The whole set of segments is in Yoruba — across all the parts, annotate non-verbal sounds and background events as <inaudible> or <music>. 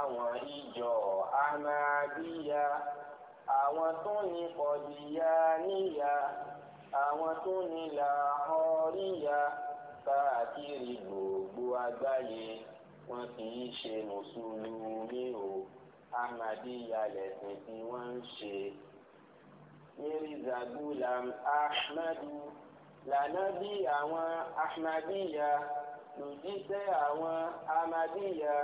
àwọn ìjọ ahmadiyya àwọn tó ní kọdíyà níyà àwọn tó ní làhọríyà káàkiri gbogbo àgbáyé wọn kì í ṣe mùsùlùmí o ahmadiyya lẹ̀sìn tí wọ́n ń ṣe. Mirza Ahmadu lànábì àwọn ahmadiyya lòjíṣẹ́ àwọn ahmadiyya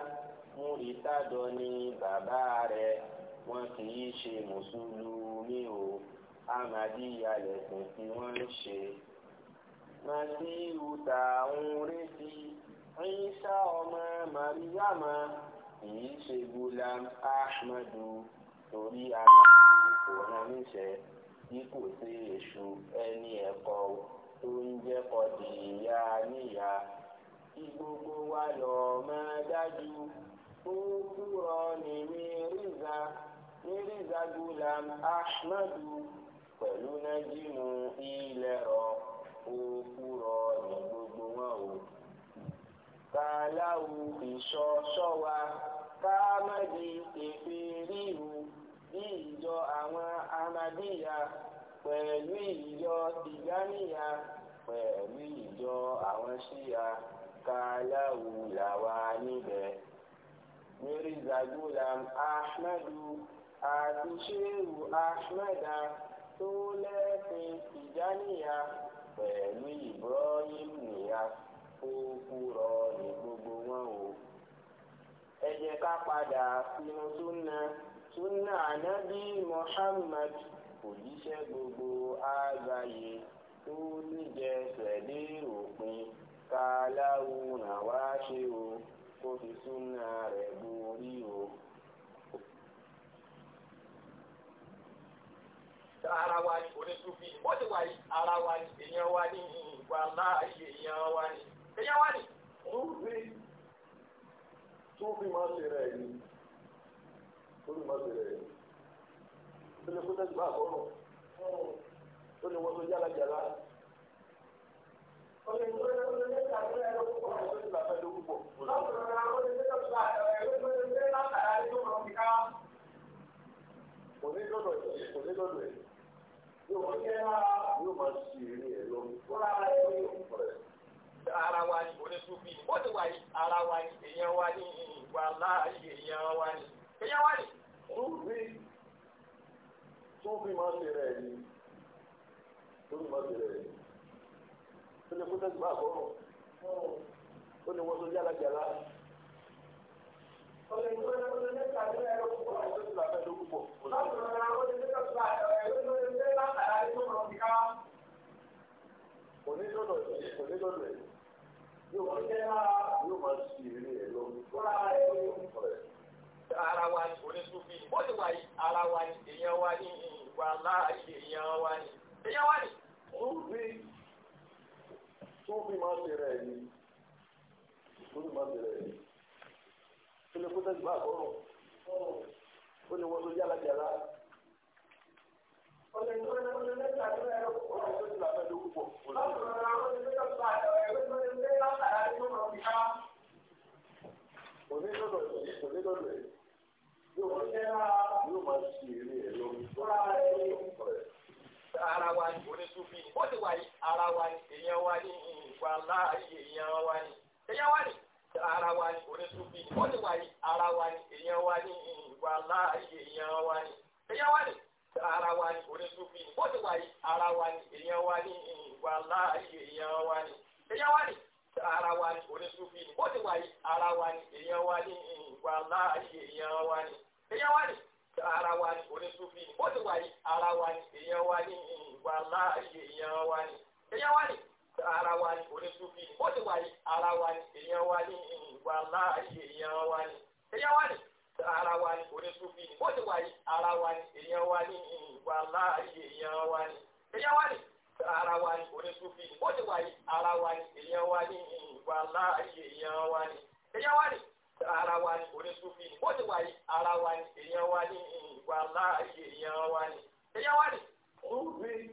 múritádọ ni bàbá rẹ̀ wọn kì í ṣe mùsùlùmí o amadíyà lẹ̀sìn tí wọ́n ń ṣe. masiru tá à ń retí Ìsá ọmọ màríyàmá kì í ṣe gulam ahmadu torí aláàbò kò rán níṣẹ́ bí kò sí èṣù ẹni ẹ̀kọ́ tó ń jẹ́ kọ́dìyà níyà kí gbogbo wa lọ́ọ́ máa dájú fúnkúrọ́ọ̀nì Mírízà Mírízà Gulam Ahmadu pẹ̀lú nájìmù ilẹ̀ ọ̀ fúnkúrọ́ọ̀nì gbogbo wọn o. kàláwù ìṣọ́ ṣọ́wa káàmẹ́dì èpè ríru bí ìjọ àwọn amadíyà pẹ̀lú ìjọ tìjáníyà pẹ̀lú ìjọ àwọn ṣíyà kàláwù làwa níbẹ̀ mirza zagulam ahmadu àti shehu ahmeda tó lẹ́sìn tìjáníyà pẹ̀lú ibrahim niyas ó kúrọ ní gbogbo wọn o. ẹ jẹ́ ká padà sínú súnà súnà ànábì muhammad òjíṣẹ́ gbogbo àgbáyé tó níjẹsẹ̀ dé òpin ká láwùrán wá ṣe o kó fi súnà rẹ̀ borí o. ara wa ni onísùnfì ó ti wà yìí ara wa ni èèyàn wa ni ìwà láàyè èèyàn wa ni èèyàn wa ni. ó rí tó fi máa ṣe rẹ̀ yìí tó fi máa ṣe rẹ̀ yìí tó lè kó tẹ̀sí bá àbọ̀rùn tó lè wọ́n tó yálà jàlá. ọ̀sẹ̀ ìgbésẹ̀ ló ń lé ìtàkùn ẹ̀rọ púpọ̀ ọ̀sẹ̀. sí lọ́dọ̀ ẹ̀. Yóò wọ́n jẹ́ lára yóò máa ṣe eré ẹ̀ lọ. Wọ́n lára ẹ̀ ní ọ̀pọ̀ rẹ̀. Ara wa ni oníṣubí, wọ́n ti wà ní ara wa ni èèyàn wa ní ìwà láàyè èèyàn wa ni. Èèyàn wa ni. Súnfì Súnfì máa ń ṣe rẹ̀ ni. Súnfì máa ṣe rẹ̀ ni. Ó ní kó tẹ́sí bá àkọ́rọ̀. Ó ní wọ́n tó yára jàlá onídọ̀dọ̀ yìí onídọ̀dọ̀ yìí yóò máa ṣe yóò máa ṣe eré ẹ lọ fúnra ẹ lọ. ara wa ni onísùnfì wọ́n ti wà yìí ara wa ni èèyàn wa ni ìwà láàyè èèyàn wa ni èèyàn wa ni. túbí túbí máa ṣe rẹ̀ ni túbí máa ṣe rẹ̀ ni ó lè kó tẹ́sí bá àkọ́rùn ó ní wọ́n tó yára yàrá. ọ̀sẹ̀ ẹ̀ yóò máa ṣe eré ẹ̀ lọ. ara wa ni oníṣùfì ó ti wà ara wa ni èèyàn wa ni ìwà èèyàn wa ni èèyàn wa ni ara wa ni onísùnfì ni wọ́n ní wà ní ara wa ni èèyàn wa ní ìwà láàyè èèyàn wa ni èèyàn wa ni ara wa ni onísùnfì ni wọ́n ní wà ní ara wa ni èèyàn wa ní ìwà láàyè èèyàn wa ni èèyàn wa ni ara wa ni onísùnfì ni wọ́n ní wà ní ara wa ni èèyàn wa ní ìwà láàyè èèyàn wa ni èèyàn wa ni ara wa ni onísùnfì ni wọ́n ní wà ní ara wa ni èèyàn wa ní ìwà láàyè èèyàn wa ni èèyàn wa ni ara wa ni onísùnfì ni ó ti wà ní ara wa ni èèyàn wa ní ìwà láàyè èèyàn wa ni èèyàn wa ni ara wa ni onísùnfì ni ó ti wà ní ara wa ni èèyàn wa ní ìwà láàyè èèyàn wa ni èèyàn wa ni ara wa ni onísùnfì ni ó ti wà ní ara wa ni èèyàn wa ní ìwà láàyè èèyàn wa ni èèyàn wa ni ara wa ni onísùnfì ni ó ti wà ní ara wa ni èèyàn wa ní ìwà láàyè èèyàn wa ni èèyàn wa ni.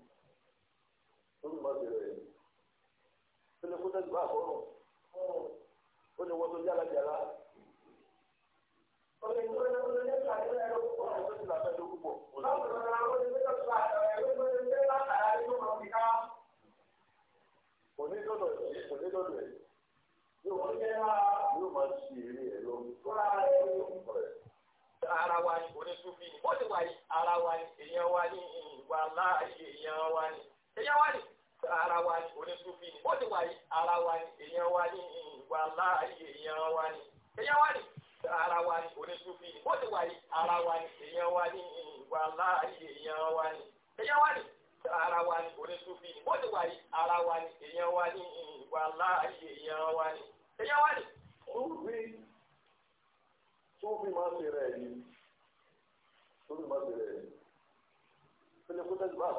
má bẹ̀rẹ̀ rẹ̀ tó lè kó tẹ́jú bá àkọ́rọ̀ ó ní wọ́n tó yára yára yàrá. báwo ló ra yóò máa ṣe eré ẹ̀ lọ. ara wa ni onísùnfì ó ti wà yí ara wa ni èèyàn wa ni ìwà láàyè èèyàn wa ni èèyàn wa ni ara wa ni onísùnfì ni bó ti wà yìí ara wa ni èèyàn wa ni ìwà láàyè èèyàn wa ni èèyàn wa ni ara wa ni onísùnfì ni bó ti wà yìí ara wa ni èèyàn wa ni ìwà láàyè èèyàn wa ni èèyàn wa ni ara wa ni onísùnfì ni bó ti wà yìí ara wa ni èèyàn wa ni ìwà láàyè èèyàn wa ni èèyàn wa ni. Súnfì Súnfì máa ń rẹ̀ yìí Súnfì máa ń rẹ̀ yìí. Ṣé kó tẹ́sí bá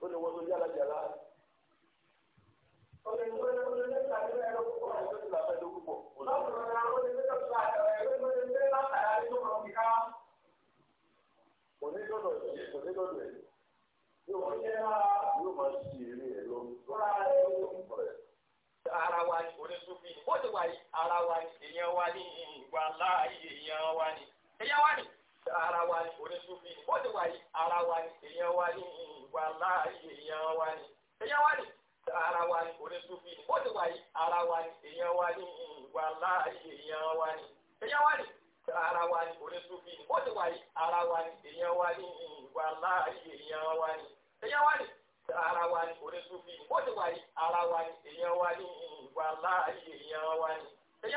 ó lè wọ́n tó yára yàrá. ọ̀rẹ́ ìgbẹ́ ló lè ní ìgbà nílẹ̀ ẹ̀rọ kò wọ́n ẹ̀rọ ti làbẹ́ ló púpọ̀. lọ́sọ̀rọ̀ náà ó lè gbẹ́jọ́ sí àjọ ẹ̀rọ ìgbẹ́ ló lè látàrí àdéjọ́ ọ̀rọ̀ kíká. kò ní lọ́dọ̀ ẹ̀ kò ní lọ́dọ̀ ẹ̀ yóò jẹ́ yóò máa ṣe eré ẹ̀ lọ. ara wa ni onísùnfín ó ti wà ara wa ni èèyàn wa ni ìwà láàyè èèyàn wa ni èèyàn wa ni ara wa ni onísùnfín ó ti wà ara wa ni èèyàn wa ni wà láàyè èèyàn wa ni èèyàn wa ni ara wa ni onísùnfì ni wọ́n ti wà yìí ara wa ni èèyàn wa ni wà láàyè èèyàn wa ni èèyàn wa ni ara wa ni onísùnfì ni wọ́n ti wà yìí ara wa ni èèyàn wa ni wà láàyè èèyàn wa ni èèyàn wa ni ara wa ni onísùnfì ni wọ́n ti wà yìí ara wa ni èèyàn wa ni wà láàyè èèyàn wa ni èèyàn wa ni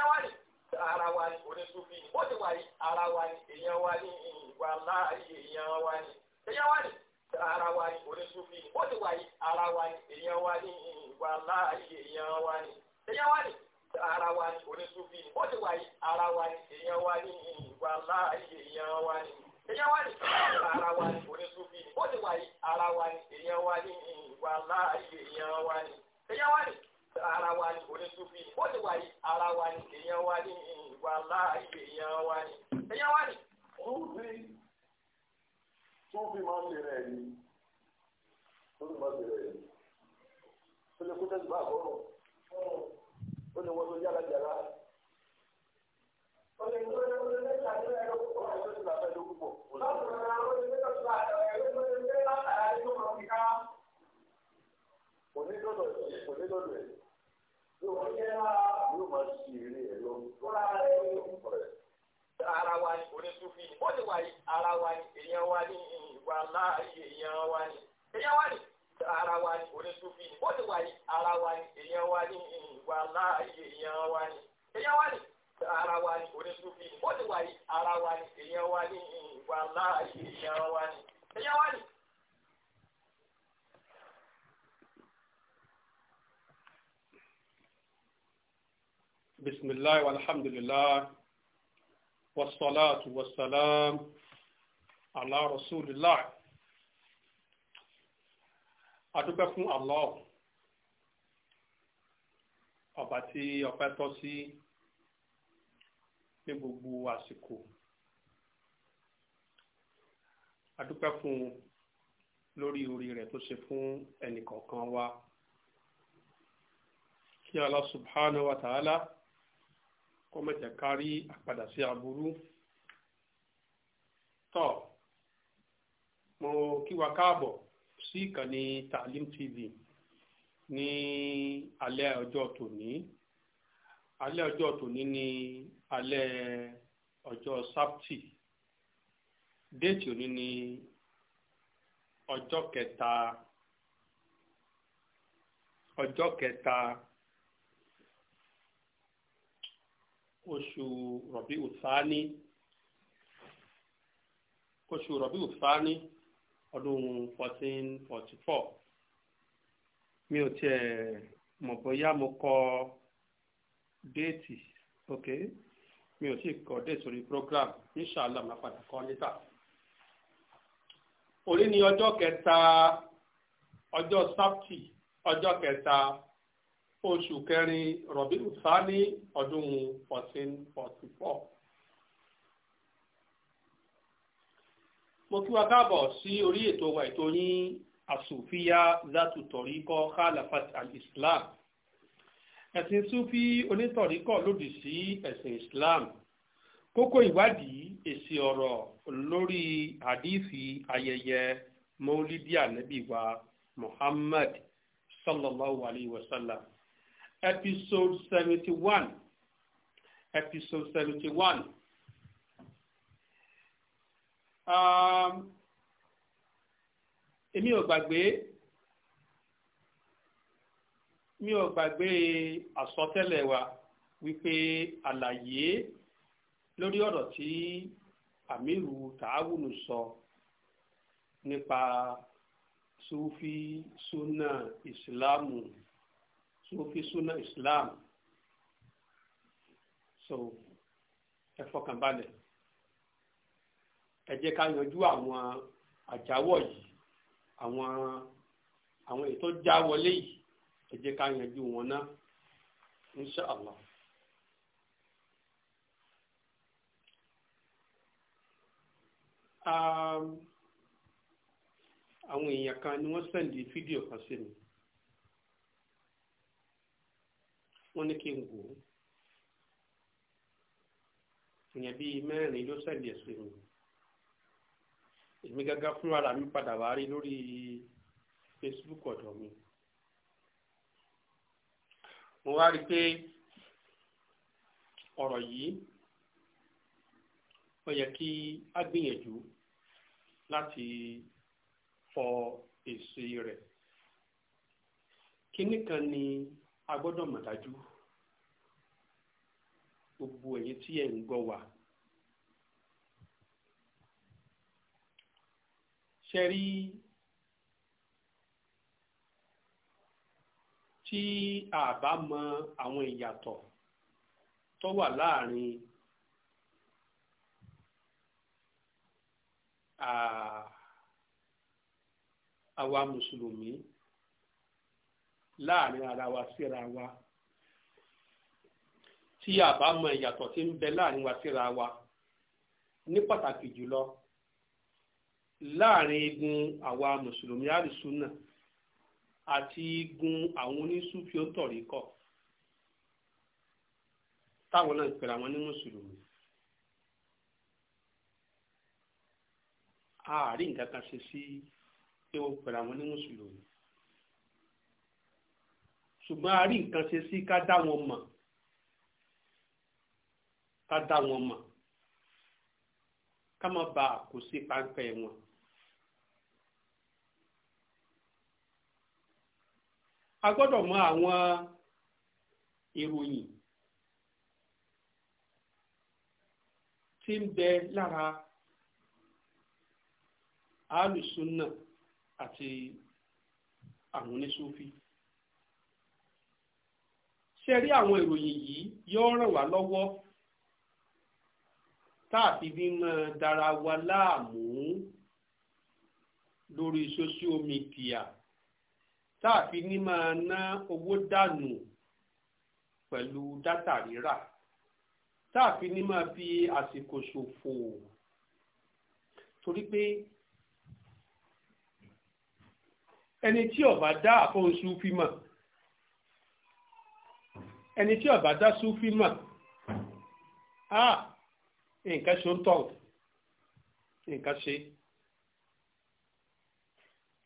ara wa ni onísùnfì ni wọ́n ti wà ara wa ni èèyàn wa ni wà láàyè èèyàn wa ni èèyàn wa ni ara wa ni oníṣúfì ó ti wà yí ara wa ni èèyàn wa ni ìwà láàyè èèyàn wa ni èèyàn wa ni ara wa ni oníṣúfì ó ti wà yí ara wa ni èèyàn wa ni ìwà láàyè èèyàn wa ni èèyàn wa ni ara wa ni oníṣúfì ó ti wà yí ara wa ni èèyàn wa ni ìwà láàyè èèyàn wa ni èèyàn wa ni ara wa ni oníṣúfì ó ti wà yí ara wa ni èèyàn wa ni ìwà láàyè èèyàn wa ni èèyàn wa ni tó fi máa ṣe rẹ̀ yìí tó fi máa ṣe rẹ̀ yìí tó lè kó tẹ́sí bá àbọ̀rùn ó lè wọ́n tó yára yára. ó ní ọjọ́ tó lè ní ẹ̀rọ púpọ̀ ó lè ta ẹ̀rọ púpọ̀. láti rẹ̀ ó lè ní ọjọ́ tó lè ta ẹ̀rọ púpọ̀ ó ní látara ẹ̀rọ púpọ̀ kíká. kò ní dọ́dọ̀ ẹ̀ kò ní dọ́dọ̀ yóò máa ṣe eré ẹ̀ lọ. ó rà rẹ̀ ó ara wa ni onísùfì ó lè wà ara wa ni èèyàn wa ni wàláhì èèyàn wa ni èèyàn wa ni ara wa ni onísùfì ni bóde wà ní ara wa ni èèyàn wa ni wàláhì èèyàn wa ni èèyàn wa ni ara wa ni onísùfì ni bóde wà ní ara wa ni èèyàn wa ni wàláhì èèyàn wa ni èèyàn wa ni. بسم الله والحمد لله والصلاة والسلام ala rasulillah adúpẹ́ fún Allah ọba tí ọpẹ́ tọ́ sí ní gbogbo àsìkò adúpẹ́ fún lórí orí rẹ̀ tó ṣe fún ẹnìkọ̀ọ̀kan wa kí Allah subhanahu wa ta'ala kó má àpadà sí aburú tọ́ mo kí wa káàbọ̀ sí ìkànnì Taalim TV ní alẹ́ ọjọ́ tòní alẹ́ ọjọ́ tòní ní alẹ́ ọjọ́ sábtì déètì òní ní ọjọ́ kẹta ọjọ́ kẹta oṣù Rabi'u Thani oṣù Rabi'u Thani ọdún fourteen forty four mi ò tiẹ̀ mọ̀ bóyá mo kọ déètì ok mi ò tíì kọ déètì orí program inshallah máa padà kọ níta òní ni ọjọ́ kẹta ọjọ́ sábtì ọjọ́ kẹta oṣù kẹrin rọ̀bí ìfáàní ọdún fourteen forty mo kí wa káàbọ̀ sí orí ètò wa ètò yín àsòfíà látùtọ̀ríkọ́ khalafat al-islam ẹ̀sìn sufi onítọ̀ríkọ̀ lòdì sí ẹ̀sìn islam kókó ìwádìí èsì ọ̀rọ̀ lórí hadithi ayẹyẹ maulidi anabi wa muhammad sallallahu alayhi wa sallam episode seventy one episode seventy one. Um, èmi ò gbàgbé mi ò gbàgbé àsọtẹ́lẹ̀ wa wípé àlàyé lórí ọ̀rọ̀ tí àmírù tààwùnù sọ nípa sufi sunna ìsìláàmù sufi sunna ìsìláàmù so ẹ fọkàn balẹ̀ ẹ jẹ́ ká yanjú àwọn àjáwọ̀ yìí àwọn àwọn èyí tó já wọlé yìí ẹ jẹ́ ká yanjú wọn náà inṣàlá. àwọn èèyàn kan ni wọ́n sẹ́ndì fídíò kan sí mi wọ́n ní kí n wò èèyàn bíi mẹ́rin ló sẹ́ndì ẹ̀ mi èmi gángan fún ara mi padà wá rí lórí Facebook ọ̀dọ̀ mi mo wá rí i pé ọ̀rọ̀ yìí ó yẹ kí a gbìyànjú láti fọ èsì rẹ̀ kínní kan ni a gbọ́dọ̀ mọ̀ dájú gbogbo ẹ̀yin tí ẹ̀ ń gbọ́ wa. ṣẹ̀rí tí a bá mọ àwọn ìyàtọ̀ tó wà láàrin àwa mùsùlùmí láàrin ara wa síra wa tí a bá mọ ìyàtọ̀ tí ń bẹ láàrin wa síra wa ní pàtàkì jùlọ láàrin igun àwa mùsùlùmí àdìsúnà àti igun àwọn onísùfì òǹtọ̀ríkọ̀ táwọn náà pèrè àwọn ní mùsùlùmí. àárín nǹkan kan ṣe sí pé ó pèrè àwọn ní mùsùlùmí ṣùgbọ́n a nǹkan ṣe sí ká dá wọn mọ̀ ká dá wọn mọ̀ ká má ba kó sí páńpẹ́ a gbọ́dọ̀ mọ àwọn ìròyìn tí ń bẹ lára alùsùnà àti àwọn oníṣòfì ṣe rí àwọn ìròyìn yìí yóò ràn wá lọ́wọ́ táàfi bí máa dára wa láàmú lórí social táàfi ní máa ná owó dànù pẹ̀lú dátà rírà táàfi ní máa fi àsìkò ṣòfò torí pé ẹni tí ó bá dá àfọ̀n súfì mọ̀ ẹni tí ó dá súfì mọ̀ á ah, nǹkan ṣe ń tọ̀ nǹkan ṣe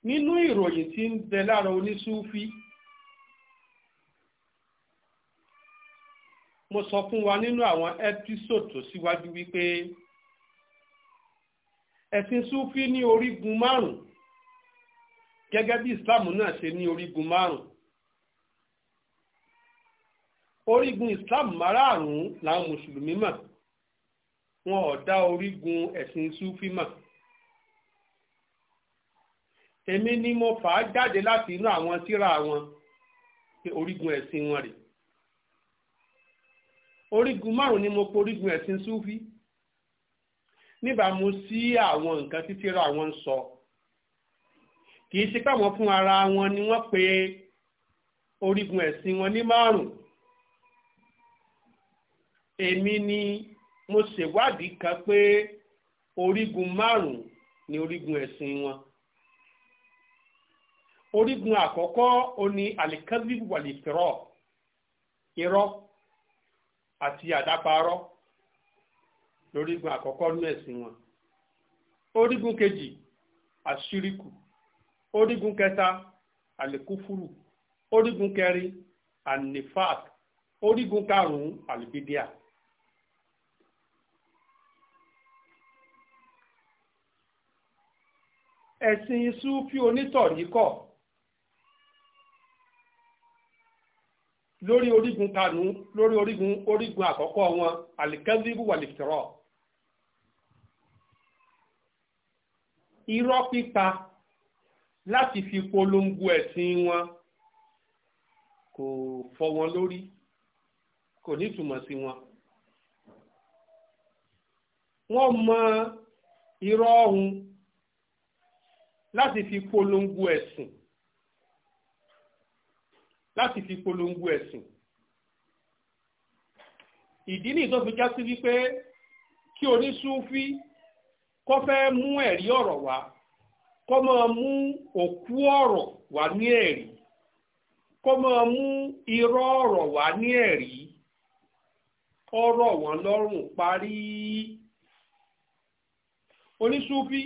nínú ìròyìn tí ń bẹ lára onísúfí mo sọ fún wa nínú àwọn ẹ́písòdù tó síwájú wípé ẹ̀sìn súfí ní orígun márùn gẹ́gẹ́ bí Islam náà ṣe ní orígun márùn orígun Islam márààrún làwọn mùsùlùmí mọ̀ wọn ò orígun ẹ̀sìn súfí mọ̀ èmi ni mo fà á jáde láti inú àwọn tírà wọn pé orígun ẹ̀sìn wọn rè orígun márùn ni mo pe orígun ẹ̀sìn súfí níbàámu sí àwọn nǹkan tí tírà wọn sọ kì í ṣe káwọn fún ara wọn ni wọ́n pe orígun ẹ̀sìn wọn ní márùn èmi ni mo ṣèwádìí kan pé orígun márùn ni orígun ẹ̀sìn wọn. orígun àkọ́kọ́ òní alikazib wàlìtìrọ̀ irọ́ àti àdáparọ́ lórígun àkọ́kọ́ ní ẹ̀sìn wọn orígun kejì àṣíríkù orígun kẹta alikufuru orígun kẹrin ànífàk orígun alibidia. ẹ̀sìn isu fi onítọ̀ Sufi onítọ̀ríkọ̀ lórí orígun karùn-ún lórí orígun orígun àkọ́kọ́ wọn alikẹ́líbù wàlìkìrọ̀ irọ́ pípa láti fi polongo ẹ̀sìn wọn kò fọ́ wọn lórí kò ní ìtumọ̀ sí wọn wọ́n mọ irọ́ ọ̀hún láti fi polongo ẹ̀sìn. E láti fi polongo ẹ̀sìn ìdí nìyí tó fi já sí wípé kí onísúfí kó fẹ́ mú ẹ̀rí ọ̀rọ̀ wá kó máa mú òkú ọ̀rọ̀ wá ní ẹ̀rí kó máa mú irọ́ ọ̀rọ̀ wá ní ẹ̀rí ọ̀rọ̀ wọn lọ́rùn parí onísúfí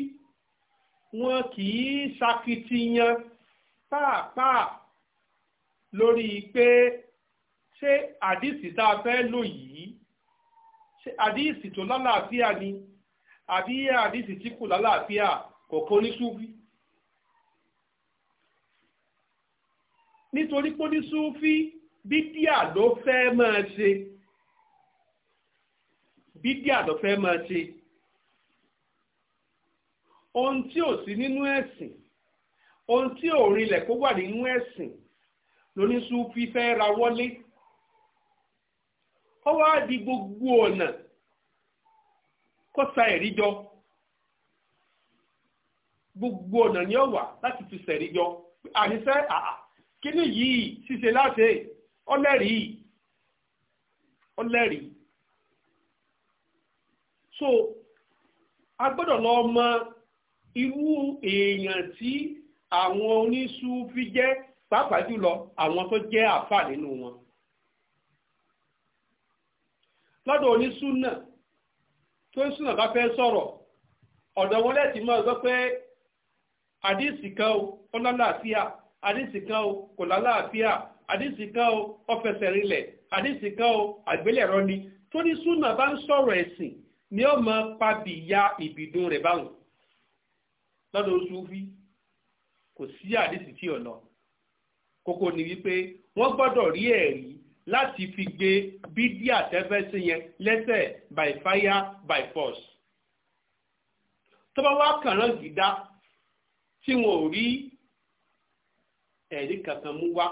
wọn kì í ṣakitiyan pàápàá lórí pé ṣé àdìsí tá a fẹ́ lò yìí ṣé àdìsí tó lálàáfíà ni àbí àdìsí tí kò lálàáfíà kọ̀ọ̀kan oníṣúfì. nítorí pé oníṣúfì bídíà ló fẹ́ máa ṣe bídíà ló fẹ́ máa ṣe ohun tí ò sí nínú ẹ̀sìn ohun tí ò rinlẹ̀ kó wà nínú ẹ̀sìn lóníṣúfì fẹ́ ra wọlé ó wá di gbogbo ọ̀nà kó sa ẹ̀rí jọ gbogbo ọ̀nà ni ó wà láti fi sẹ̀rí jọ àníṣe àà kíní yìí ṣíṣe láti ọlẹ́rìí ọlẹ́rìí so a gbọ́dọ̀ lọ mọ irú èèyàn tí àwọn oníṣúfì jẹ́ pàápàá jùlọ àwọn tó jẹ́ àfà nínú wọn lọ́dọ̀ onísúnà tó ń súnà bá fẹ́ sọ̀rọ̀ ọ̀dọ̀ wọn lẹ́tì máa gbọ́ pé àdìsí kan o ó lálàáfíà àdìsí kan o kò lálàáfíà àdìsí kan ó fẹsẹ̀ rinlẹ̀ àdìsí kan o àgbélẹ̀rọ ni tó ní súnà bá ń sọ̀rọ̀ ẹ̀sìn ni ó máa pabì ya ìbìdún rẹ̀ báwọn lọ́dọ̀ oṣù fi kò sí àdìsí tí ò lọ kókó ni wípé wọ́n gbọ́dọ̀ rí ẹ̀rí láti fi gbé bídíà tẹ́fẹ́sí yẹn lẹ́sẹ̀ by fire by force. tó bá wá kànáà gidá tí wọn ò rí ẹ̀rí kankan mú wá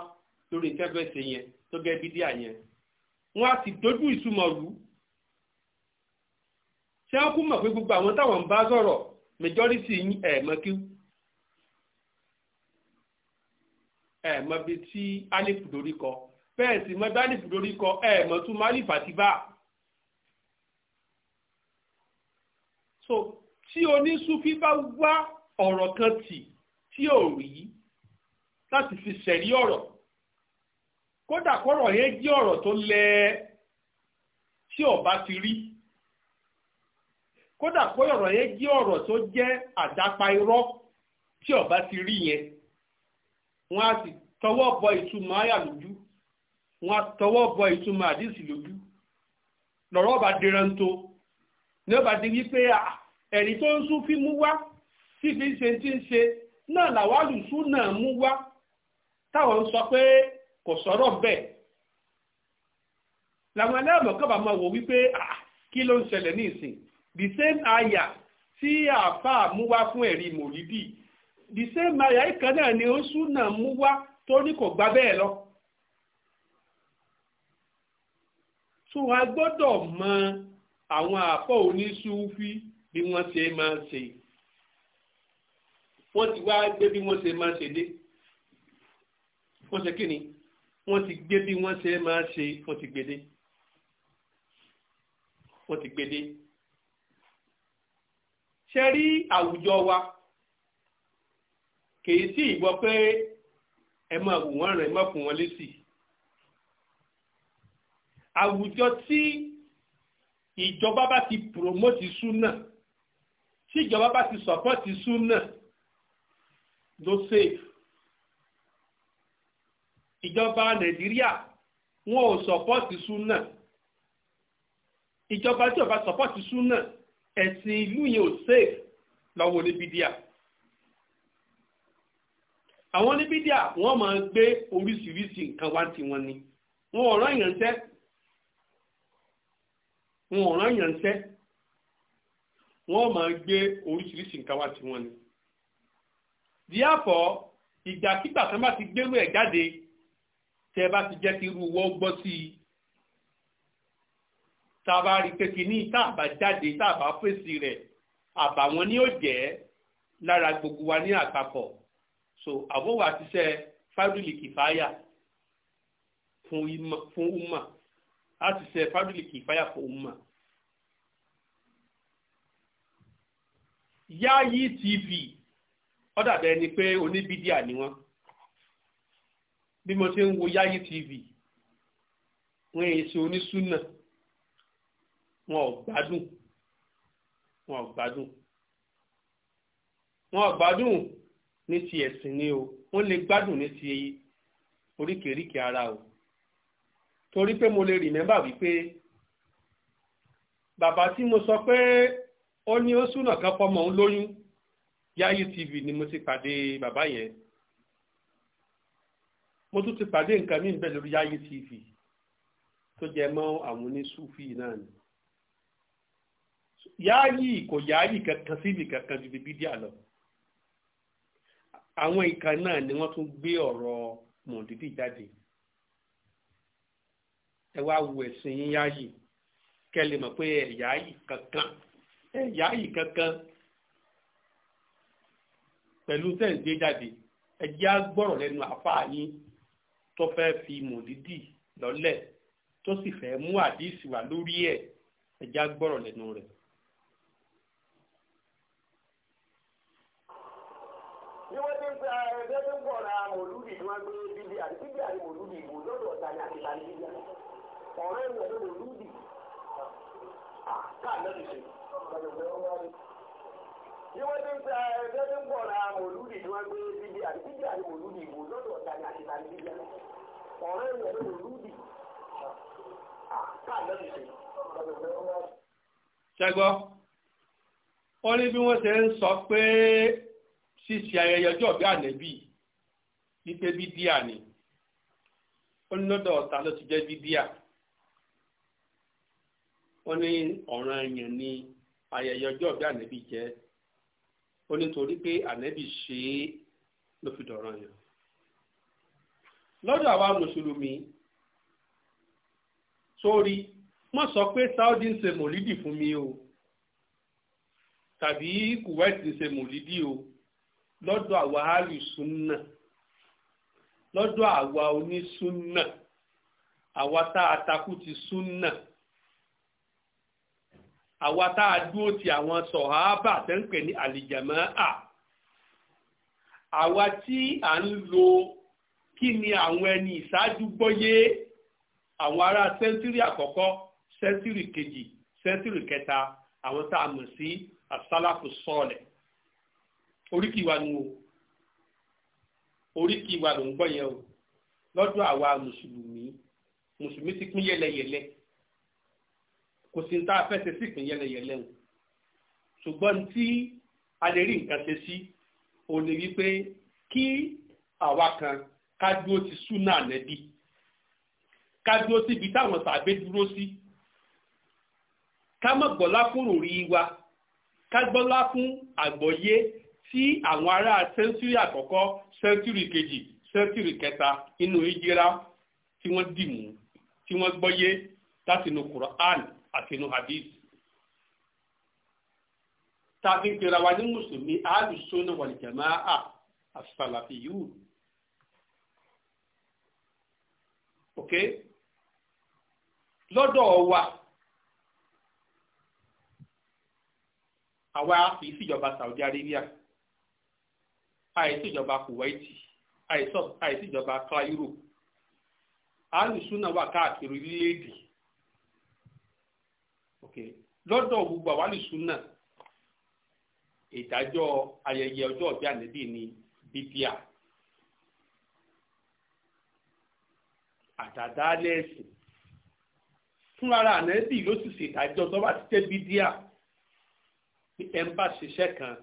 lórí tẹ́fẹ́sí yẹn tó gẹ́ bídíà yẹn wọ́n á ti dojú ìsúmọ̀ lù ṣé wọ́n kú mọ̀ pé gbogbo àwọn táwọn ń bá sọ̀rọ̀ majority ẹ̀ mọ́kí ẹ mọ bí tí alifu dorí kọ bẹ́ẹ̀ sì mọ bí alifu dorí kọ ẹ mọ tún málìfà ti bá. so tí onísúfí bá wá ọ̀rọ̀ kan tì tí ò rí láti fi ṣẹ̀rí ọ̀rọ̀ kódà kọ́rọ̀ yẹn jẹ́ ọ̀rọ̀ tó lẹ́ẹ̀ tí ọba ti rí kódà kó yẹn jẹ́ ọ̀rọ̀ tó jẹ́ àdápa irọ́ tí ọba ti rí yẹn wọ́n á sì tọwọ́ bọ ìtumọ̀ àyà lójú wọ́n á tọwọ́ bọ ìtumọ̀ àdìsí lójú lọ́rọ̀ bá dẹran tó ní ọba di wípé ẹ̀rí tó ń sún fíìmù wá tí fi ń ṣe tí ń ṣe náà làwọn àlùsùn náà mú wá táwọn ń sọ pé kò sọ̀rọ̀ bẹ́ẹ̀ làwọn ẹlẹ́mọ̀ kọ́ba máa wò wípé kí ló ń ṣẹlẹ̀ ní ìsìn the same aya tí àáfàá mú fún ẹ̀rí mòlídìí the same aya ìkan náà ni ó súnà mú wá tó ní kò gbá bẹ́ẹ̀ lọ. so a gbọ́dọ̀ mọ àwọn àpọ̀ oníṣúfí bí wọ́n ṣe máa ń ṣe wọ́n ti wá gbé bí wọ́n ṣe máa ṣe dé wọ́n ṣe kí ni ti gbé bí wọ́n ṣe máa ṣe wọ́n ti gbé dé wọ́n ti gbé dé ṣe rí àwùjọ wa kìí sí ìgbọ́ pé ẹ máa wù wọ́n rẹ̀ ẹ máa fún wọn lésì àwùjọ tí ìjọba bá ti promote súnà tí ìjọba bá ti support súnà ló safe ìjọba nàìjíríà wọn ò support súnà ìjọba tí ò bá support súnà ẹ̀sìn ìlú yẹn ò safe lọ́wọ́ oníbídíà àwọn oníbídíà wọ́n máa gbé oríṣiríṣi nǹkan wá tí wọ́n ní wọn ò rán ìyànṣẹ́ wọn ò rán ìyànṣẹ́ wọ́n máa gbé oríṣiríṣi nǹkan wá tí wọ́n ní. díàpọ̀ ìgbàkigbà tán bá ti gbérú ẹ̀ jáde tẹ́ ẹ bá ti jẹ́ kí irú wọ́n gbọ́ sí i tá rí pé kínní tá jáde tá fèsì rẹ̀ àbàwọ́n ni ó jẹ́ lára gbogbo wa ní àpapọ̀ so àbọ̀wò àtiṣẹ́ fádùlì kìfáyà fún umma àtiṣẹ́ fádùlì kìfáyà fún umma. Yayi TV ó dàbẹ̀ ni pé oníbídíà ni wọ́n bí mo ṣe ń wo Yayi TV wọn èyí ṣe onísúnà wọn ò gbádùn wọn ò gbádùn wọn ò gbádùn ní ti ẹ̀sìn ni o wọ́n lè gbádùn ní ti oríkèéríkèé ara o torí pé mo lè rìmẹ́mbà wípé bàbá tí mo sọ pé ó ní ó súnà kan fọmọ òun lóyún Yayi TV ni mo ti pàdé bàbá yẹn mo tún ti pàdé nǹkan mí bẹ́ẹ̀ lórí Yayi TV tó jẹ mọ́ àwọn oníṣúfì náà ni Yayi kò Yayi kankan síbi kankan ju bíbí díà lọ àwọn ìka náà ni wọ́n tún gbé ọ̀rọ̀ mọ̀dídì jáde ẹ wá wo ẹ̀sìn yín yáyì kẹ́ lè mọ̀ pé ẹ̀yà yìí kankan ẹ̀yà yìí kankan pẹ̀lú tẹ̀síé jáde ẹ jẹ́ á gbọ́rọ̀ lẹ́nu àfáà yín tó fẹ́ fi mọ̀dídì lọ́lẹ̀ tó sì fẹ́ mú àdìsí wá lórí ẹ̀ ẹ á gbọ́rọ̀ lẹ́nu rẹ̀. pé ah, ẹgbẹ́ tó bọ̀ ra mòlúdì tí wọ́n gbé bíbí àti bíbí àti mòlúdì ìbò lọ́dọ̀ ọ̀tá ni àti ìbàlẹ̀ bíbí àti ọ̀rẹ́ ìwẹ̀ ló mòlúdì ah, káà lọ́dún ṣe. Ní wọ́n ti ń pé ah, ẹgbẹ́ tó bọ̀ ra mòlúdì tí wọ́n gbé bíbí àti bíbí àti mòlúdì ìbò lọ́dọ̀ ọ̀tá ni àti ìbàlẹ̀ bíbí àti ọ̀rẹ́ ìwẹ̀ ló mòlúdì káà lọ́dún ṣe. Ṣẹ́gbọ́, ó ní bí wọ́n ṣe ń sọ pé ṣíṣe ayẹyẹ ọjọ́ ìbí ànẹ́bí wípé bídíà ni ó ní lọ́dọ̀ ọ̀tá ló ti jẹ́ bídíà ó ní ọ̀ràn èèyàn ni ayẹyẹ ọjọ́ ìbí ànẹ́bí jẹ́ ó ní torí pé ànẹ́bí ṣe é ló fi dọ̀ràn yàn lọ́dọ̀ àwa mùsùlùmí sórí wọ́n sọ pé Saudi ń ṣe mòlídì fún mi o tàbí Kuwait ń ṣe mòlídì o lọ́dọ̀ àwa alùsùnà lọ́dọ̀ àwa onísùnà àwa tá a takú ti sùnà àwa tá a dúró ti àwọn sọ̀háábà tẹ́ ń pè ní àlìjàmọ́ à àwa tí à ń lo kí ni àwọn ẹni ìṣáájú gbọ́yé àwọn ará sẹ́ńtírì àkọ́kọ́ sẹ́ńtírì kejì sẹ́ńtírì kẹta àwọn tá a mọ̀ sí asálàfù sọ́ọ̀lẹ̀ oríkì wa nu o oríkì wa ló ń gbọ́ yẹn o lọ́dọ̀ àwa mùsùlùmí mùsùlùmí ti pín yẹlẹyẹlẹ kò sí tá a fẹ́ ṣe sí pín yẹlẹyẹlẹ o ṣùgbọ́n tí a lè rí nǹkan ṣe sí o lè rí pé kí àwa kan ká dúró ti súnà nẹ́bí ká dúró síbi táwọn sàbẹ̀ dúró sí ká má gbọ́lá fún òrí wa ká gbọ́lá fún àgbọ́yé tí àwọn ará sẹ́ńtúrì àkọ́kọ́ sẹ́ńtúrì kejì sẹ́ńtúrì kẹta nínú ìjìra tí wọ́n dìmú tí wọ́n gbọ́yé láti inú Quran àti inú hadith tàbí pèrè wa ní mùsùlùmí alùsùnà wal jamaa as-salafiyun ok lọ́dọ̀ wa àwa kì í Saudi Arabia àìsí ìjọba Kuwaiti àìsí ìjọba Cairo alùsùnà wà káàkiri orílẹ̀-èdè okay lọ́dọ̀ gbogbo àwọn alùsùnà ìdájọ́ ayẹyẹ ọjọ́ ìbí ànẹ́bí ní bíbíà àdàdálẹ̀ ẹ̀sìn fúnra ànẹ́bí ló sì ṣèdájọ́ tó bá ti tẹ́ bíbíà ẹ̀ ń bá ṣiṣẹ́ kan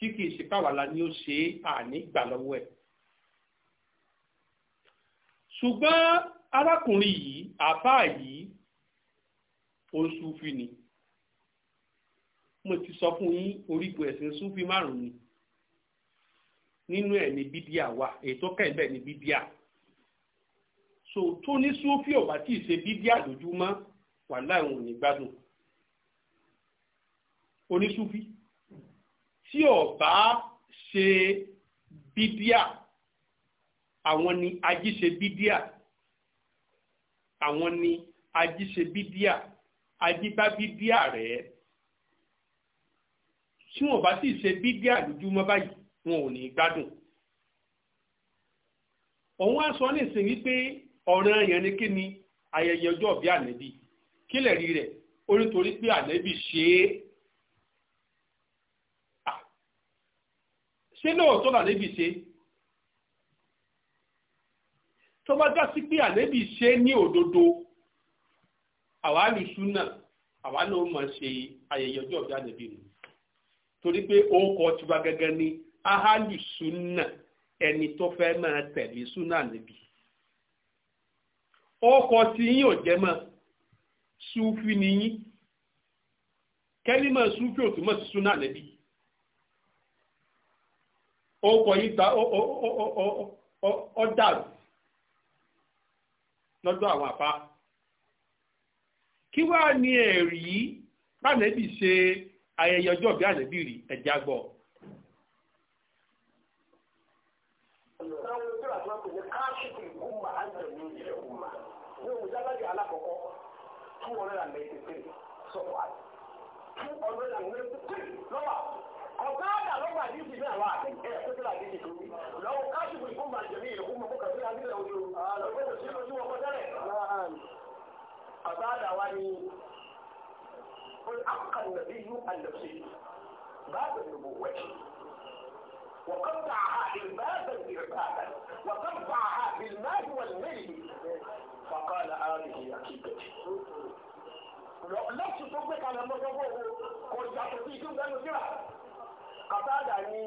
tí kìí ṣe pàwàlà ni ó ṣe àní gbà lọ́wọ́ ẹ̀. ṣùgbọ́n arákùnrin yìí àbá yìí oṣù fi ni mo ti sọ fún yín orígun ẹ̀sìn súnfì márùn-ún ni nínú ẹ̀ ní bídíà wà ètò kẹ́ńbẹ̀ ní bídíà so tó ní súnfì ọ̀bà tí ì ṣe bídíà lójúmọ́ wà láwọn ò ní gbádùn onísúnfì tí ò bá ṣe bídíà àwọn ni ají ṣe bídíà àwọn ni ají ṣe bídíà ají bá bídíà rẹ̀ tí wọn bá sì ṣe bídíà lójúmọ́ báyìí wọn ò ní gbádùn òun á sọ nísìn wípé ọ̀ràn yẹn ni kí ayẹyẹ ọjọ́ ìbí ànẹ́bí kílẹ̀ rí rẹ̀ ó nítorí pé ànẹ́bí ṣe é ṣé lóòótọ́ là lébì ṣe tó bá dá sí pé àlébì ṣe ní òdodo àwa lùsúnà àwa ló mọ̀ ṣe ayẹyẹ ọjọ́ ìbí àlébì mu torí pé orúkọ tiwa gẹ́gẹ́ ní ahalùsúnà ẹni tó fẹ́ máa tẹ̀lé súnà àlébì orúkọ tí yín ò jẹ́ mọ́ sufi nìyí kẹ́lí mọ́ sufi ò túmọ̀ sí súnà àlébì. orúkọ yìí ta ó dàrú lọ́dọ̀ àwọn àpá kí wàá ní ẹ̀rí bánẹ́bì ṣe ayẹyẹ ọjọ́ bí ànẹ́bì rí ẹ̀já gbọ́. Two hundred and ninety-three, so Two hundred and ninety-three, ọ̀gáàdà lọ́gbà ní ìdí náà wà ẹ̀ pẹ́tẹ́lá ní ìdí lọ́wọ́ káṣùkù ìkún màá jẹ̀mí ìlú mú kọ̀ọ̀kan sí àbílẹ̀ ojú lọ́gbọ́dọ̀ sí ojú ọmọ tẹ́lẹ̀. ọ̀gáàdà wa ni akọ̀kan nàbí yú àlọ́sí báàbẹ̀ lòbò wẹ̀ وقطعها إربابا إربابا وقطعها بالماء والملح فقال هذه عقيدتي لو لو تطبق على مصابه كنت أعطيكم بأنه سرعة kàtàdà ní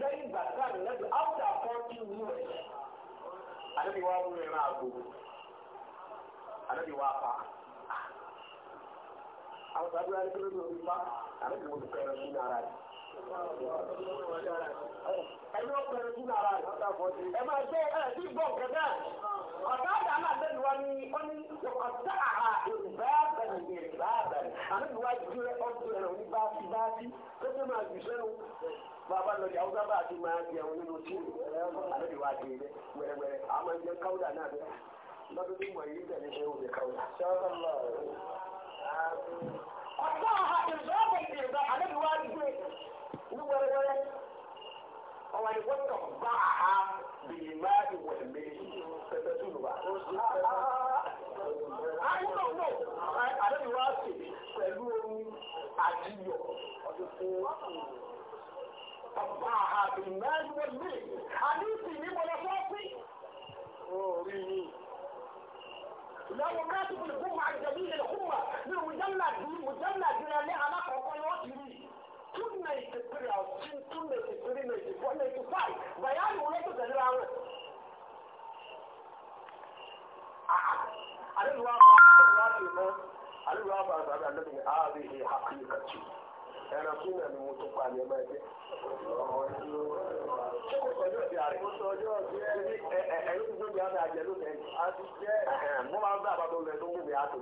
lẹ́yìn ìgbà tí àná after forty years àdébí wa wúlò ìran àgbo àdébí wa pa àwọn sábẹ́ àdébí wa pa àdébí wa pa ẹ̀rọ sí ara rẹ̀ ẹni ó pẹ̀lú sí nàrà rẹ̀ ẹ máa gbé ẹ sí bọ̀ kẹ̀kẹ́ ọ̀tá àgbà náà bẹ́ẹ̀ wá ní ó ní ọ̀tá àhà ìrìbá bẹ̀rẹ̀ ìrìbá bẹ̀rẹ̀ àbẹ̀rẹ̀ wá gbé ọdún ẹ̀rọ ní báàsì báàsì tó tó máa jù sẹ́nu bàbá lọ yà ọ̀gá báàsì máa jẹun nínú tí àbẹ̀rẹ̀ wá jẹ wẹ̀rẹ̀wẹ̀rẹ̀ àmọ́ jẹ káwùdà náà bẹ́ẹ̀ lọ́dún tó mọ̀ yìí tẹ̀lé ṣe òde káwùdà. ọ̀tá àhà ìrìbá bẹ̀rẹ̀ ìrìbá ní wẹ́rẹ́wẹ́rẹ́ ọmọ ni wọ́n tàn bá a ha bìí má ìwọ̀ ẹ̀mí pẹ̀pẹ̀ tó lù wá. àyè náà wò àlẹ́ mi wá sí pẹ̀lú omi àdìyọ ọdún fún ọba a bìí má ìwọ̀ ẹ̀mí àdìsí ní mo lọ fọ́ sí. لا يكاتب الأمة الجميل الأمة من مجلد من مجلد لا على قوقي وجهي 293 àti 293 94 95 bàyáàlì wọn lọ́tọ̀ tẹ̀lé ra wọn. Àlejò wa bá àlejò wa ti mọ́ àlejò wa bá àgbàdo àlejò ní ààbẹ̀ ìhè àkíyèkàtì. Ẹran fún ìrìn àmì mo tó pa àmì ẹgbẹ́ ẹgbẹ́. Ṣé kò sọ́jọ́ ọ̀bí àrẹ? Mo sọ́jọ́ ọ̀bí ẹni ẹ̀yìn gbogbo A ti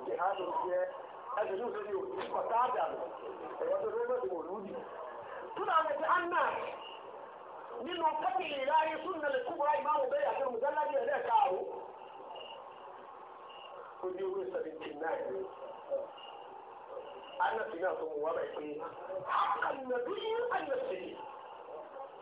ẹ̀sìn yóò lórí òkú ọ̀tá àdàlù ẹ̀yọ́ tó lórí òkú òlúdi. Tún àwọn ẹ̀sìn Anna nínú kẹ́kìlì láyé súnà lè kúbọ̀ láì máa wò bẹ́ẹ̀ àti mùsálàdì ẹ̀dẹ́ káàró. Ó ní owó seventy nine. Anna tó mú wá báyìí pé, "Àkànnà bí Anna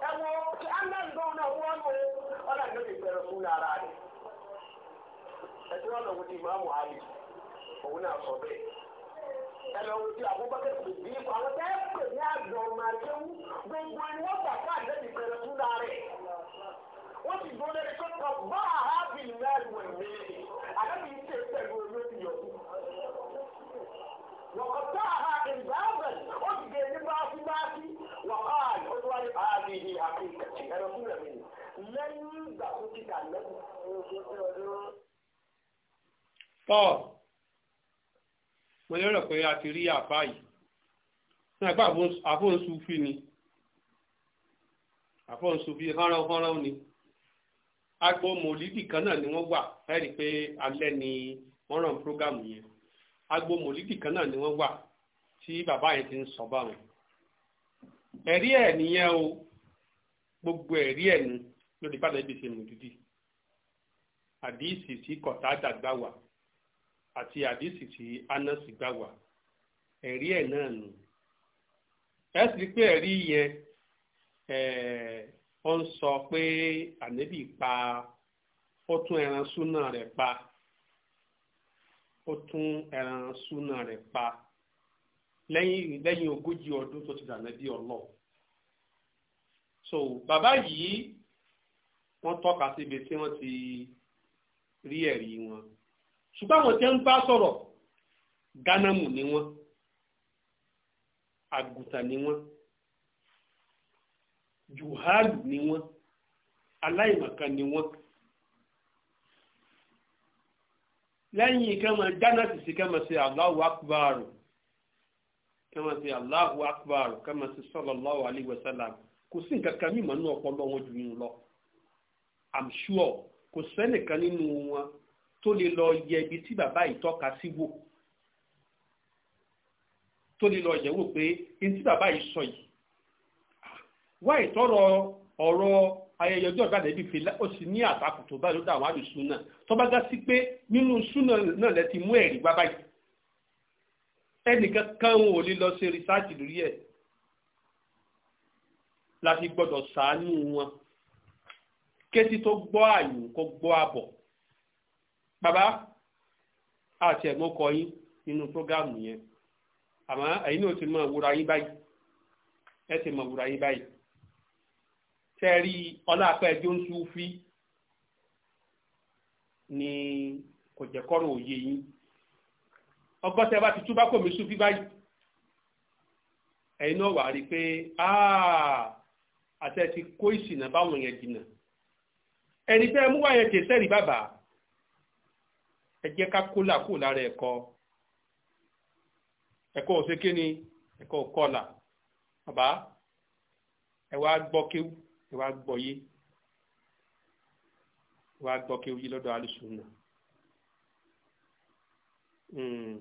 ẹ̀wọ̀n ti aláǹdọ̀ náà wọ́n mú ọ̀là ní òkè ọrụ fún ara rẹ̀. ẹ̀sìn ọ̀nà wo ti máa mú àlè òun náà sọ bẹ́ẹ̀. ẹ̀lọ́ wo àbúbọ́kẹ́ kò bí ipò àwọn tẹ́ pè ní àgbọ̀ ọmọ akéwú gbogbo wọ́n gbà àlẹ́ fún rẹ̀. wọ́n ti gbọ́ tó bá náà àkíkàtì ẹ̀rọ fún rẹ̀ mìíràn lẹ́yìn ìgbà tó ti dà lẹ́kùn fún ogójì ọdún. mo lérò pé a ti rí àbá yìí ní àgbà àfóǹsù fi ni àfóǹsù fi hánránhánrán ni agbo mòlídì kan náà ni wọ́n wà láì pé alẹ́ ni wọ́n ràn prógámù yẹn agbo mòlídì kan náà ni wọ́n wà tí bàbá yẹn ti ń sọ báwọn ẹ̀rí ẹ̀ nìyẹn o gbogbo ẹ̀rí ẹ̀nu lórí bá nàbí ṣe mòlúdì tí kọ̀tádà gbà wà àti àdìsì tí anásì gbà wà ẹ̀rí ẹ̀ náà ẹ sì pé ẹ̀rí yẹn ó ń sọ pé ànábì pa ó tún ẹran súnà rẹ̀ pa ó tún ẹran súnà rẹ̀ pa so bàbá yìí wọ́n tọ́ka síbi tí wọ́n ti rí ẹ̀rí wọn ṣùgbọ́n àwọn tí ń bá sọ̀rọ̀ gánámù ni wọ́n àgùntàn ni wọ́n juhalu ni wọ́n aláìmọ̀kan ni wọ́n lẹ́yìn kẹ́mọ̀ dáná sisi sí sí Allahu akbar kẹ́mọ̀ sí Allahu akbar kẹ́mọ̀ sí sallallahu alaihi wasallam kò sí nǹkan kan mímọ́ nínú ọpọlọ wọn ju yín lọ i'm sure kò sẹ́nìkan nínú wọn tó lè lọ yẹ ibi tí bàbá yìí tọ́ka sí wò tó lè lọ yẹ̀wò pé ibi tí bàbá yìí sọ yìí wá ìtọ́rọ ọ̀rọ̀ ayẹyẹ ọjọ́ ìgbà lẹ́bí fi ó sì ní àtakò tó báyìí ló dá àwọn àlùsùn náà tó bá dá sí pé nínú súnà náà lẹ ti mú ẹ̀rí wá báyìí ẹnìkan kan ò lè lọ ṣe rìsáàjì lórí ẹ̀ la fi gbọ́dọ̀ ṣàánú wọn kétí tó gbọ́ àyùn kó gbọ́ àbọ̀ bàbá àti ẹ̀gbọ́n kọ yín nínú prógámù yẹn àmọ́ ẹ̀yin náà ti mọ ìwúra yín báyìí ẹ ti mọ ìwúra yín báyìí tẹ́rí ọlápẹ́ ẹjọ́ ń súnfí ni kò jẹ́ kọ́rọ̀ òye yín ọgọ́tẹ́ bá ti túbá kò mí súnfí báyìí ẹ̀yin náà wà rí i pé áà àti ẹ ti kó ìsìnà báwọn yẹn jìnnà ẹni tẹ́ ẹ mú wáyẹn kì í sẹ́rìí bàbá ẹ jẹ́ ká kó là lára ẹ̀kọ́ ẹ̀kọ́ òsè kí ni ẹ̀kọ́ kọ́là bàbá ẹ wá gbọ́ kéwú ẹ wá gbọ́ yé ẹ wá gbọ́ kéwú yé lọ́dọ̀ alùsùn náà hmm.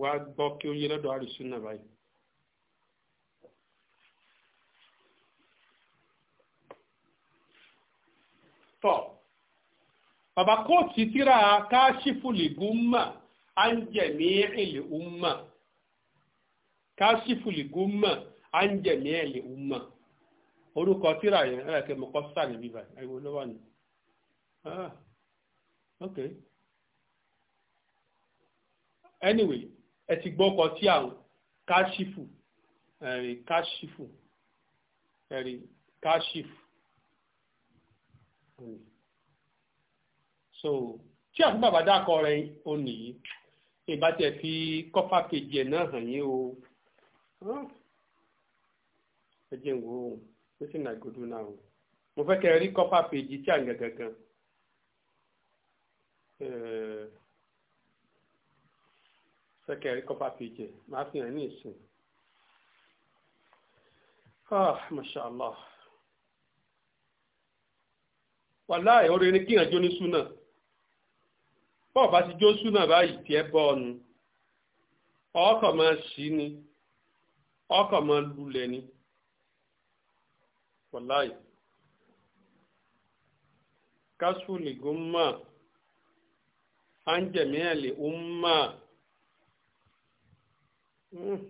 wá gbọ́ kí yé lọ́dọ̀ àrùsùn náà báyìí tọ̀ bàbá tíra káṣífù lìgúnmà ánjẹ̀mí ìlì umma káṣífù lìgúnmà ánjẹ̀mí ìlì umma orúkọ tíra yẹn ẹ̀ kẹ́ mọ̀kọ́ sáà ni. Ah, okay anyway ẹ ti tí àwọn káṣífù ẹ̀rí káṣífù Hmm. so tí àfún bàbá dákọ rẹ ó nìyí ìbá fi kọfà kejì ẹ náà hàn yín o hmm. ẹ ohun gòdú náà o mo fẹ́ kẹ́ rí kọ́fà péjì tí à ń gẹ̀ gangan. Eh, rí máa fi hàn ní ah masha wàláì oore ni kíyàn jó ní súnà bọ́ọ̀ bá ti jó súnà báyìí tiẹ́ bọ́ ọnu ọkọ̀ máa ṣí ni ọkọ̀ máa lulẹ̀ ni wàláì kásùlì gómà ánjẹ̀míẹ̀lì ọmọ hmm.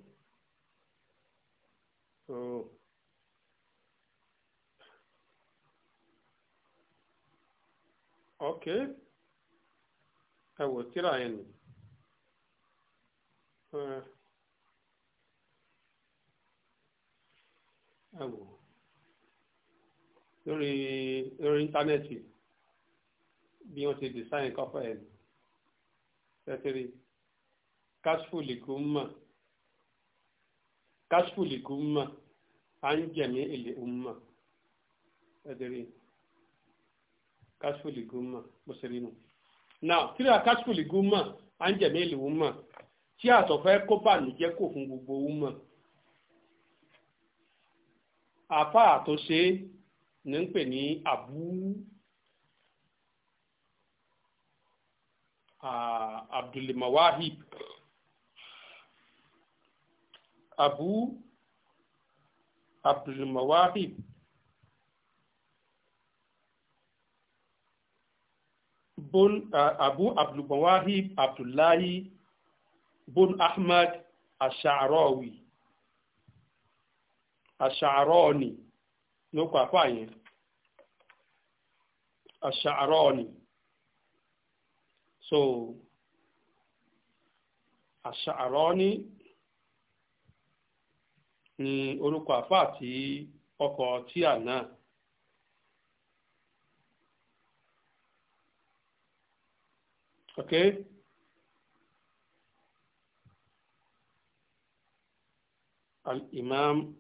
Oh. ok ẹ wò tíra yẹn nì. ẹ wò lórí lórí íńtánẹ́ẹ̀tì bí wọ́n ti design kọ́fọ́ ẹ̀ tẹ́tẹ́rì kásfùlì gúnmà kásfùlì gúnmà á ń jẹ̀mí èlé ọmọ tẹ́tẹ́rì kashful gumma bó ṣe rí nu. now tíra kashful gumma à ń jẹ̀mí ìlú wúmọ̀ tí àtọ̀fẹ́ kó bànújẹ́ kò fún gbogbo wúmọ̀. àfa àtúnṣe ní ń pè ní àbú abdulmawahib abu abdulmawahib bon uh, abu abdulbawahib abdullahi bon ahmad asharawi asharoni ló kọ àpá yẹn asharoni so asharoni ni orúkọ àpá àti ọkọ̀ tíà náà. Okay? Al-Imam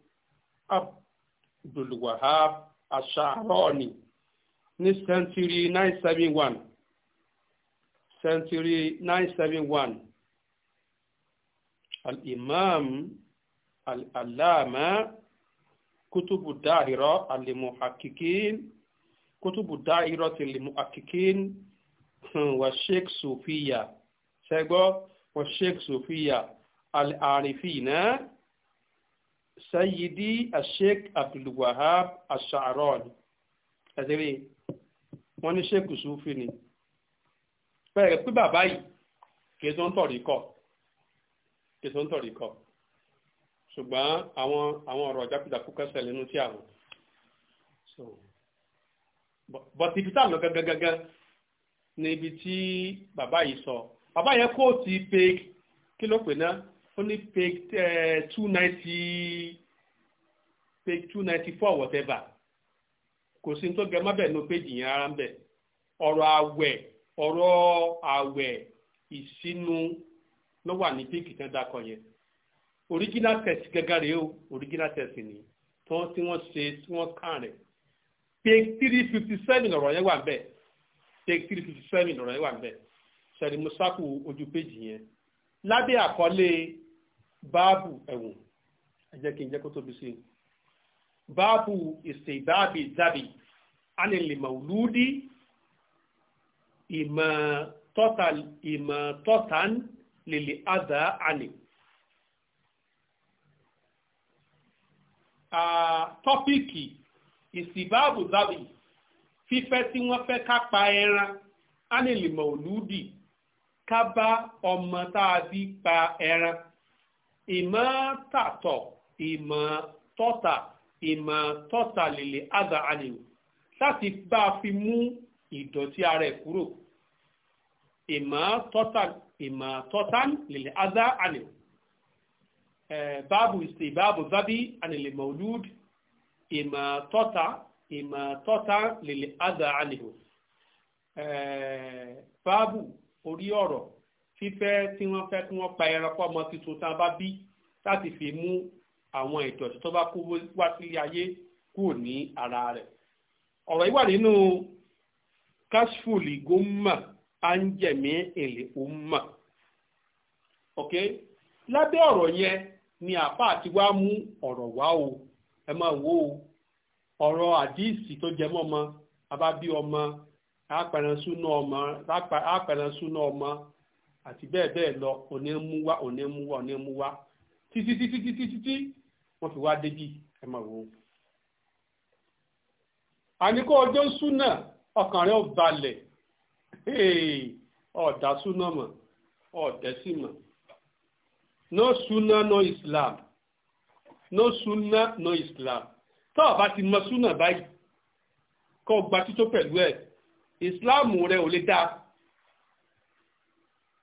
Abdul Wahab ash ní sẹ́ńtúrì 971 sẹ́ńtúrì 971 al-imam al-allama kutubu dahira al-muhakkikin kutubu dahira al-muhakkikin Hmm, wà sheikh sofiya ṣẹgbọ́ wà sheikh sofiya al-arifina sayidi sheikh abdulwahab asharon ẹ̀sẹ̀rẹ̀ wọ́n ní sheikh sufi ni pẹ̀lú pé bàbá yìí kì í tó ń tọ̀rí kọ́ kì í tó ń tọ̀rí kọ́ ṣùgbọ́n àwọn àwọn ọ̀rọ̀ jákèjádò kẹsẹ̀ lẹ́nu tí àwọn. bọ̀tí peter lọ gangan gangan ní ibi tí bàbá yìí sọ bàbá yẹn kóòtù page kí ló pè ná ó ní page eh, two ninety page two ninety four whatever kò sí ní tó gẹ mọ́bẹ̀ ní page yẹn ara ń bẹ̀ ọ̀rọ̀ àwẹ̀ ọ̀rọ̀ ìsinu ló wà ní page kan dákọ̀ yẹn original test gẹ́gẹ́ rèé o original text ni tí wọ́n ṣe tí wọ́n kàn rẹ̀ page three fifty seven ọ̀rọ̀ yẹn wà bẹ́ẹ̀ take three fifty seven ọ̀rọ̀ yẹn wà níbẹ̀ sẹ́ni musaku ojú péjì yẹn lábẹ́ àkọlé báàbù ẹ̀wọ̀n ẹ jẹ́ kí n jẹ́ kó tóbi sí i báàbù ìsèbáàbì zabi anilimauludi ìmọ̀ tọ́tàn ìmọ̀ tọ́tàn lèlè àdá àní. tọ́píìkì ìsìbáàbù zabi fífẹ́ tí wọ́n fẹ́ ká pa ẹran á lè lè mọ̀ òlúdì ká bá ọmọ tá a bí pa ẹran ìmọ̀ tàtọ̀ ìmọ̀ tọ́ta ìmọ̀ tọ́ta lèlè àgbà àlèwò láti bá a fi mú ìdọ̀tí ara ẹ̀ kúrò ìmọ̀ tọ́ta ìmọ̀ tọ́ta lèlè àgbà àlèwò báàbù ìsè báàbù zábí àlèlè mọ̀lúd ìmọ̀ tọ́ta ìmọ̀tọ́ta lèlè àdà àlèhò faabu orí ọ̀rọ̀ fífẹ́ tí wọ́n fẹ́ kí wọ́n pa ẹranko ọmọ tuntun tá a bá bí láti fi mú àwọn ìdọ̀tí tó bá wá ayé kúrò ní ara rẹ ọ̀rọ̀ yìí wà nínú kashfuli èlé ok yẹn ni àpá àti wá mú wá o ẹ ọ̀rọ̀ àdíìsì tó jẹ mọ́ ọmọ abábí ọmọ apẹ̀rẹ̀súná ọmọ apẹ̀rẹ̀súná ọmọ àti bẹ́ẹ̀ bẹ́ẹ̀ lọ òní mú wá òní mú wá òní mú wá títí títí títí títí wọ́n fi wá débi ẹ máa wò ó. àníkó ọjọ́ súnà ọkàn rẹ̀ ò balẹ̀ ọ̀dà súnà mọ̀ ọ̀dẹ́sì mọ̀ no súnà no Islam no súnà no Islam tó o bá ti mọ súnà báyìí kó o gba tító pẹ̀lú ẹ̀ ìsìláàmù rẹ ò lè dá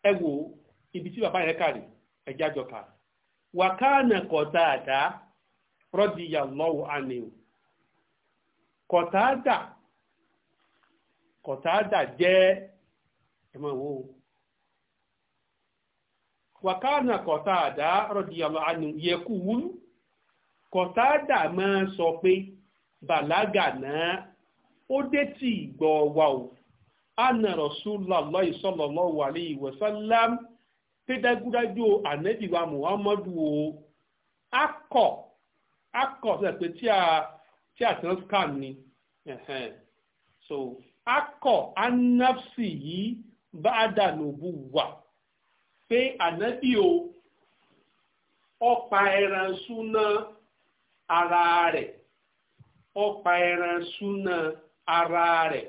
ẹ wò ibi tí bàbá yẹn kàrí ẹjá jọ kà wàkánà kọ̀tàdá radiyallahu anhu kọ̀tàdá kọ̀tàdá jẹ́ ẹ máa wò ó wàkánà kọ̀tàdá radiyallahu anhu yẹ kú wúlú kọ̀tádà máa sọ pé bàlágà náà ó dé tí ìgbọ́ wa o anna Rasulullah sallallahu alayhi wa sallam pé dájúdájú Muhammadu o akọ akọ sọ pé tí a tí a ti ń scan ni so akọ anafsi yìí bá a dà lóbu wà pé ànábì o ọ̀pá ẹran súná ara rẹ̀ ó pa ẹran súná ara rẹ̀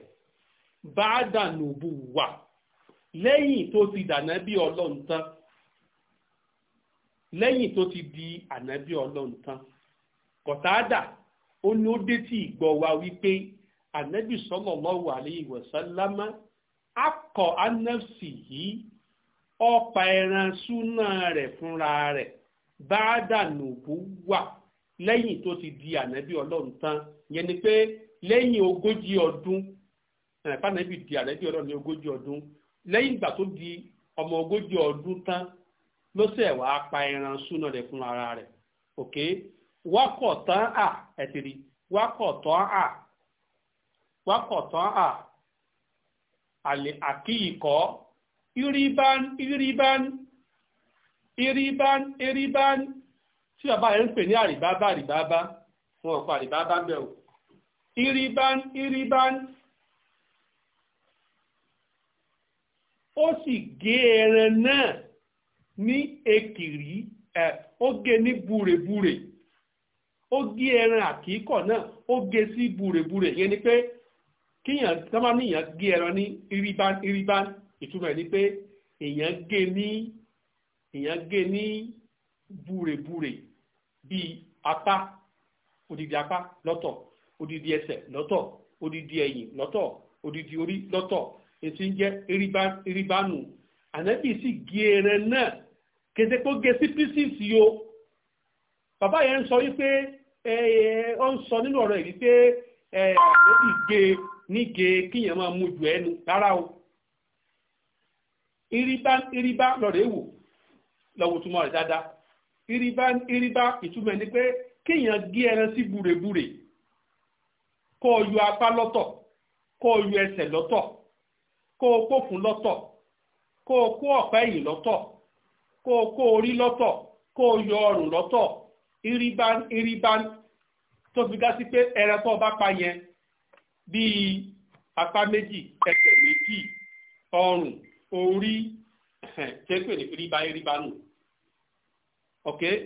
bá dànù bù wà lẹ́yìn tó ti dànà bí ọlọ́run tán lẹ́yìn tó ti di ànàbí ọlọ́run tán kọ̀tàádà ó ní ó dé tí ìgbọ́ wa wípé ànábì sallallahu alayhi wa sallama akọ anẹ́fsì yìí ọ̀pá ẹran súná rẹ̀ fúnra rẹ̀ bá dànù bú wà lẹ́yìn tó ti di ànábì ọlọ́run tán yẹn ni pé lẹ́yìn ogójì ọdún fànàbì eh, di ànábì ọlọ́run ní ogójì ọdún lẹ́yìn ìgbà tó di ọmọ ogójì ọdún tán ló ṣe wá pa ẹran súná rẹ̀ fún ara rẹ̀ ok wákọ̀ tán à ẹ̀tìrì wákọ̀ tán à wákọ̀ tán à àlè àkíyìkọ́ iriban iriban iriban iriban tí bàbá rẹ̀ ń pè ní àrìbábá àrìbábá wọn ò àrìbábá bẹ̀ o iriban iriban ó sì gé ẹran náà ní ekiri ẹ ó gé ní búrebúre ó gé ẹran àkíkọ náà ó gé sí búrebúre yẹn ni pé kíyàn tọ́mọ́ níyàn gé ẹran ní iriban iriban ìtumọ̀ ẹ̀ ni pé èèyàn gé ní èèyàn gé ní búrebúre bíi apá odidi apá lọ́tọ̀ odidi ẹsẹ̀ lọ́tọ̀ odidi ẹ̀yìn lọ́tọ̀ odidi orí lọ́tọ̀ èsì ń jẹ́ eribánu ànábì sì gé ẹran náà kété kó gé sí pieces yo bàbá yẹn ń sọ wípé ó ń sọ nínú ọ̀rọ̀ yìí wípé ànábì gé níge kíyàn máa mú ju ẹnu rárá o eribá lọ́rẹ̀ èwò lọ́wọ́ túmọ̀ rẹ̀ dáadáa ìrìbá Iriba, ìtumọ̀ ni pé kéèyàn gé ẹran sí búrebúre kó o yọ apá lọ́tọ̀ kó o yọ ẹsẹ̀ lọ́tọ̀ kó o kófun lọ́tọ̀ kó o kó ọ̀pá ẹ̀yìn lọ́tọ̀ kó o kó orí lọ́tọ̀ kó o yọ ọrùn lọ́tọ̀ ìrìbá ìrìbá tó fi gá sí pé ẹran tó o bá pa yẹn bíi apá méjì ẹsẹ̀ méjì ọrùn orí ṣe pé ìrìbá ìrìbá nù okay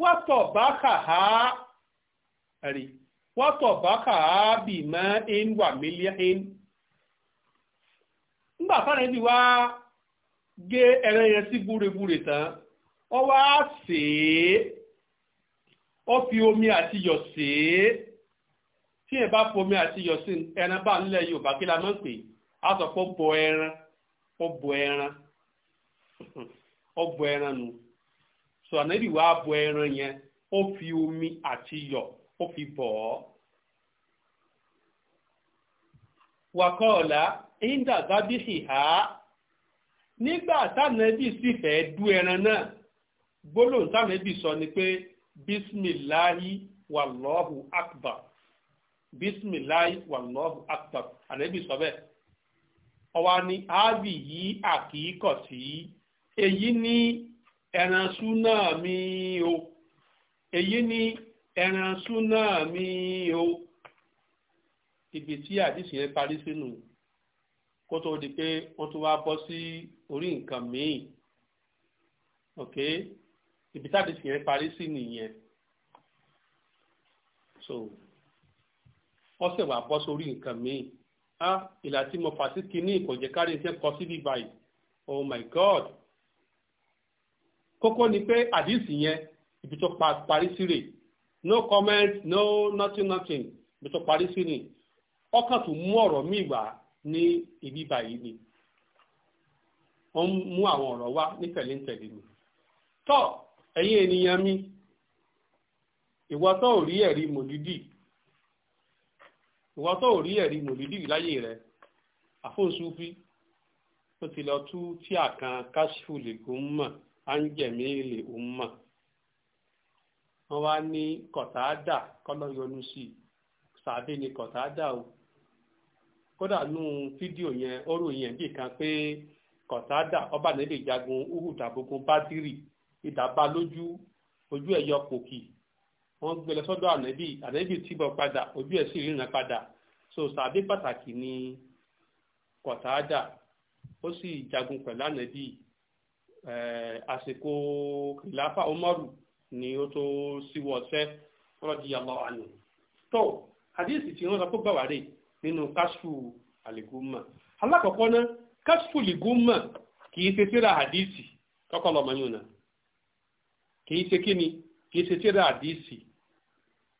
wọ́tọ̀ bá kà á rí wọ́tọ̀ bá kà á bì mọ́ ẹn wà mílíọ̀n ẹn nígbà táwọn ẹbí wá gé ẹran yẹn sí gbúregbúre tán ọ wá sè é ó fi omi àti iyọ̀ sè é tí ẹ bá fomi àti iyọ̀ sí ẹran bá nílẹ̀ Yorùbá kí la máa ń pè á sọ pé ó bọ ẹran ó bọ ẹran <laughs> ọ bụ so ànábì wá bọ ẹran yẹn ó omi àti iyọ̀ ó fi bọ̀ ọ́. ha nígbà tánàbì sì fẹ́ dú ẹran náà gbólóhùn tánàbì sọ ni pé bísmìláhì wàlọ́hù akbar bisimilayi wàlọ́hù akbar ànábì sọ bẹ́ẹ̀ ọwọ́ ni èyí ni ẹran súnà mi o èyí ni ẹran súnà mi o ibi tí àdìsí yẹn parí sínú kó tó di pé wọ́n tún wá bọ́ sí orí nǹkan míì ok ibi tí àdìsí yẹn parí sí nìyẹn so wọ́n sì wá bọ́ sórí nǹkan míì á ah, ìlà tí mo fà sí kinní ìkọ̀jẹ̀kárí iṣẹ́ kọ sí bíbáyìí oh my god kókó ni pé àdìsí yẹn ibi tó parí sí rè no comment no nothing nothing ibi tó parí sí ni ọkàn tó mú ọ̀rọ̀ míì wá ní ibi báyìí ni wọ́n mú àwọn ọ̀rọ̀ wá ní tẹ̀léńtẹ̀lé ni tọ́ ẹ̀yin ènìyàn mi ìwọ tó ò rí ẹ̀rí mòlídì ìwọ tó ò rí ẹ̀rí mòlídì láyé rẹ àfóńsúfí ó ti lọ tú tí àkàn káṣífù lè gún mọ́ anjẹmíìlì umma wọn wá ní kọtáàdà kọlọyọnu sí sàbí ni kọtáàdà o kódà nù fídíò yẹn ọ̀rọ̀ yẹn bí kan pé kọtáàdà ọba nílé jagun uhùdàbógun bádìrì ìdàbà lójú ojú ẹ̀ yọ pòkì wọn gbé lọ sọ́dọ̀ ànẹbí ànẹbí tìbọ padà ojú ẹ̀ sì ríran padà so sàbí pàtàkì ni kọtáàdà ó sì jagun pẹ̀lú ànẹbí Eh, àsìkò ìlàfà umaru ni ó tó síwọ́ ọ̀sẹ́ ọrọ anhu tó hadith tí so sọ pé gbàwá rè nínú kashfu àlìgúnmà alákọ̀ọ́kọ́ náà kashfu àlìgúnmà kì í ṣe tíra hadith kọ́kọ́ lọ́mọ yóò náà kì ṣe kí ni ṣe tíra hadith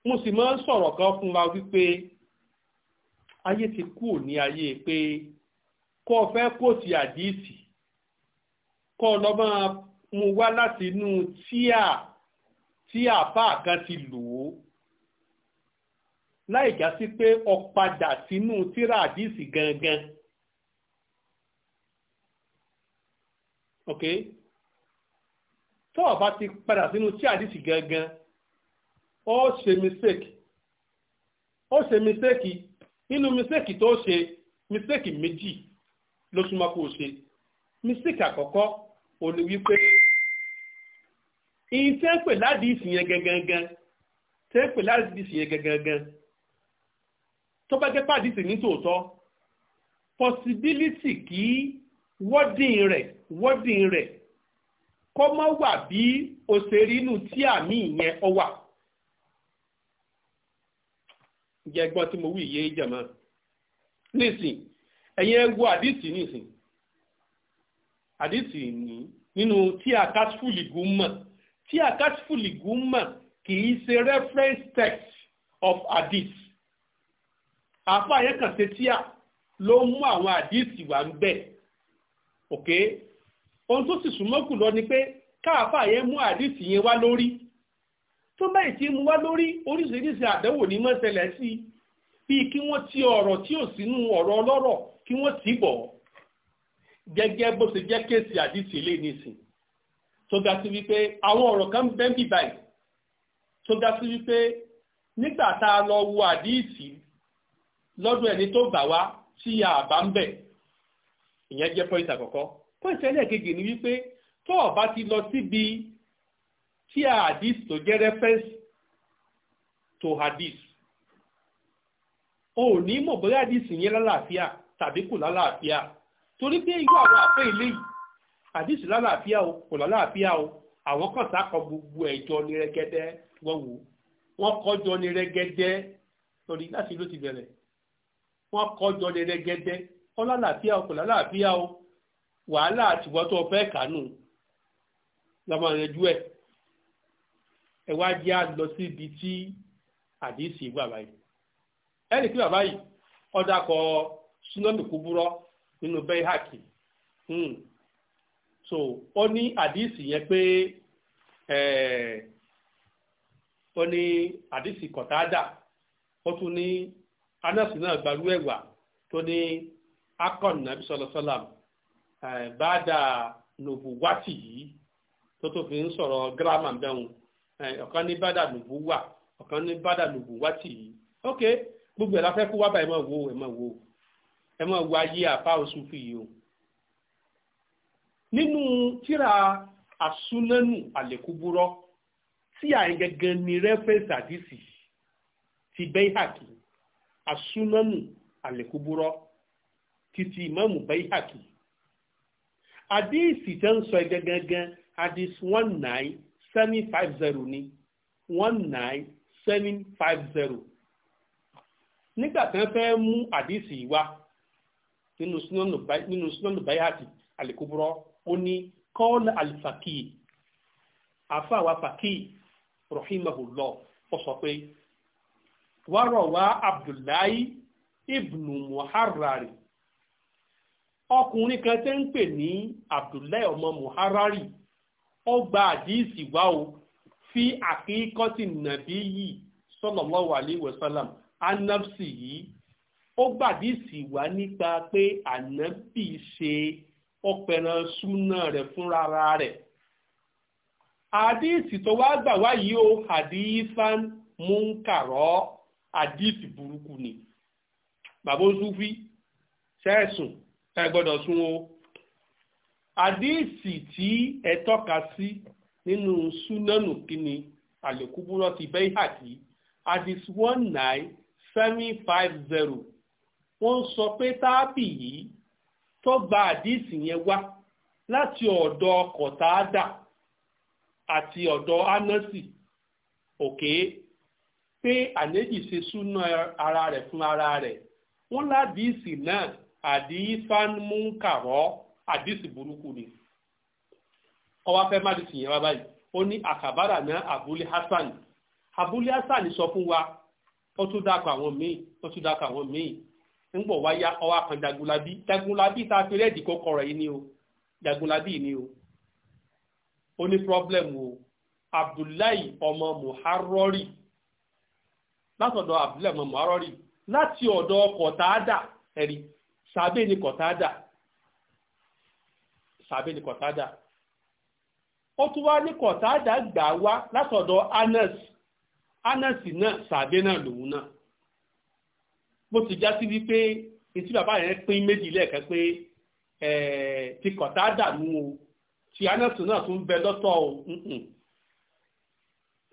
mo sì máa ń sọ̀rọ̀ kan fún wa wípé ayé ti kú ní ayé pé kó o kọ́ ọ lọ́ máa mú wá láti inú tíà tí àbá kan ti lò ó láì já sí pé ọ padà sínú tíra àdìsí gangan. ok tó o bá ti padà sínú tí àdìsí gangan ó ṣe mistake ó ṣe mistake nínú mistake tó ṣe mistake méjì ló súnmọ́ kó ṣe mistake àkọ́kọ́ ó ní wípé ìyìn tẹ́ pè gangan tẹ́ pè gangan tó bá jẹ́ tòótọ́ possibility kí wọ́dìn rẹ̀ wọ́dìn rẹ̀ kọ́ mọ́ wà bí òṣèré inú tí àmì ọ wà. jẹ́ tí mo wí yé jẹ̀mọ́ nísìn ẹ̀yin ẹ wo àdìsí nísìn àdìsí ní nínú tí àkásfùlì gúnmọ̀ tí àkásfùlì gúnmọ̀ kì í ṣe reference text of hadith àfa yẹn kàn ṣe tíà ló mú àwọn àdìsí wà ń bẹ̀ ok ohun tó sì súnmọ́ kù lọ ni pé káàfà yẹn mú àdìsí yẹn wá lórí tó báyìí tí mú wá lórí oríṣiríṣi àdánwò ní mọ́ṣẹ̀lẹ̀ sí i bíi kí wọ́n ti ọ̀rọ̀ tí ò sínú ọ̀rọ̀ ọlọ́rọ̀ kí wọ́n tì bọ̀ ọ́ gẹ́gẹ́ bó ṣe jẹ́ kéèsì àdìsí ilé nìsín tó ga sí wípé àwọn ọ̀rọ̀ kan bẹ́ẹ̀ bì báyìí tó ga sí wípé nígbà tá a lọ wo àdìsí lọ́dún ẹni tó gbà wá tí a ń bẹ̀ ìyẹn jẹ́ pọ́ìntì àkọ́kọ́ pọ́ìntì ẹlẹ́ẹ̀kejì ni wípé tó o bá ti lọ síbi tí a àdìsí tó jẹ́ reference to àdìsí o ò ní mọ̀ bóyá àdìsí yẹn lálàáfíà tàbí kù lálàáfíà. La torí bí irú àwọn àfẹ́ ilé yìí àdìsí lálàáfíà o kò lálàáfíà o àwọn kan sákọ gbogbo ẹ̀jọ́ ní rẹ́gẹ́dẹ́ wọ́n wò wọn kọjọ ní rẹ́gẹ́dẹ́ lórí láti ló ti kọjọ ní lálàáfíà o kò lálàáfíà o wàhálà àtiwọ́ tó fẹ́ kánú lọ́mọ rẹ̀ ju ẹ wá jẹ́ à síbi tí àdìsí nínú bẹ́hàkì hmm. so ó ní àdísì yẹn pé eh, ó ní àdísì kọ̀tádà ó tún ní anasi náà gbarú ẹ̀wà tó ní akọ́nù nàbí sọlọ́sọ́làm báàdà nùbù wátì yìí tó tó fi ń sọ̀rọ̀ gírámà bẹ́hùn eh, ọ̀kan ní báàdà nùbù wà ọ̀kan ní báàdà nùbù wátì yìí ok gbogbo ẹ̀ la fẹ́ kó wá báyìí mọ̀ wò ẹ̀ mọ̀ wò ẹ mọ̀ wá yé àfa òsùnfì yìí o nínú tíra àsúnánù àlékúbúrọ́ tí àyẹ̀gẹ̀gẹ̀ ni rẹ́fẹ̀sì àdìsí ti bẹ́hàkì àsúnánù àlékúbúrọ́ títí ìmáàmù bẹ́hàkì àdìsí tẹ́ ń sọ ẹ̀gẹ̀gẹ̀gẹ̀ àdìsí one nine seven five zero ni one nine seven five zero nígbà tí wọ́n fẹ́ mú àdìsí wá nínú sinanu bayati alikuburo ó ní kọ́ọ̀lù alifaki àfàwà faki rahimahullah ó sọ pé wàrọ̀wá abdullahi ibnu muharrari ọkùnrin kan tẹ́ ń pè ní abdullahi ọmọ muharrari ó gba àdíìsì wá o fi àkíkọ́tì nàbí yìí sallallahu alaihi wasallam anafsi yìí ó gbàdísì wá nípa pé ànábì ṣe ọpẹran súnà rẹ̀ fúnra rẹ̀ àdíìsì tó wá gbà wá yìí ó àdíìsán mú ń kàrọ àdíìsì burúkú ni bàbá Sufi sẹ́ẹ̀sùn ẹ gbọ́dọ̀ sún o àdíìsì tí ẹ tọ́ka sí nínú súnánù kínní àlékúbúrọ́ ti bẹ́ẹ̀ hàkí àdíìsì one nine seven five zero wọ́n ń sọ pé táàbì yìí tó gba àdíìsì yẹn wá láti ọ̀dọ̀ kọ̀tàádà àti ọ̀dọ̀ anọ́sì òkè pé ànẹ́jì ṣe súná ara rẹ̀ fún ara rẹ̀ wọ́n ládìísì náà àdìífánmúkàrọ́ àdìísì burúkú ni ọwọ́ fẹ́ má dìísì yẹn wá báyìí ó ní àkàbàrà náà abúlé hasan abúlé hasan sọ fún wa ó tún dákọ̀ àwọn míì ó tún dákọ̀ àwọn míì ńgbọ̀ wáyá ọwọ́ kan jagunlabi jagunlabi tá a fi rẹ́ẹ̀dì kọ́kọ́ rẹ̀ yìí ni o jagunlabi ni o ó ní pírọ́blẹ̀mù o abdullahi ọmọ muharrori látọ̀dọ̀ abdullahi ọmọ muharrori láti ọ̀dọ̀ kọ̀tàádà ẹ̀rí sàbẹ̀ ni kọ̀tàádà sàbẹ̀ ni kọ̀tàádà ó tún wá ní kọ̀tàádà gbà wá látọ̀dọ̀ anas anas náà sàbẹ̀ náà lòun náà bó ti já sí wípé etí bàbá yẹn pín méjì lẹ́ẹ̀kan pé ti kọ̀tà dànù o ti anẹ́sùn náà tún bẹ lọ́tọ̀ o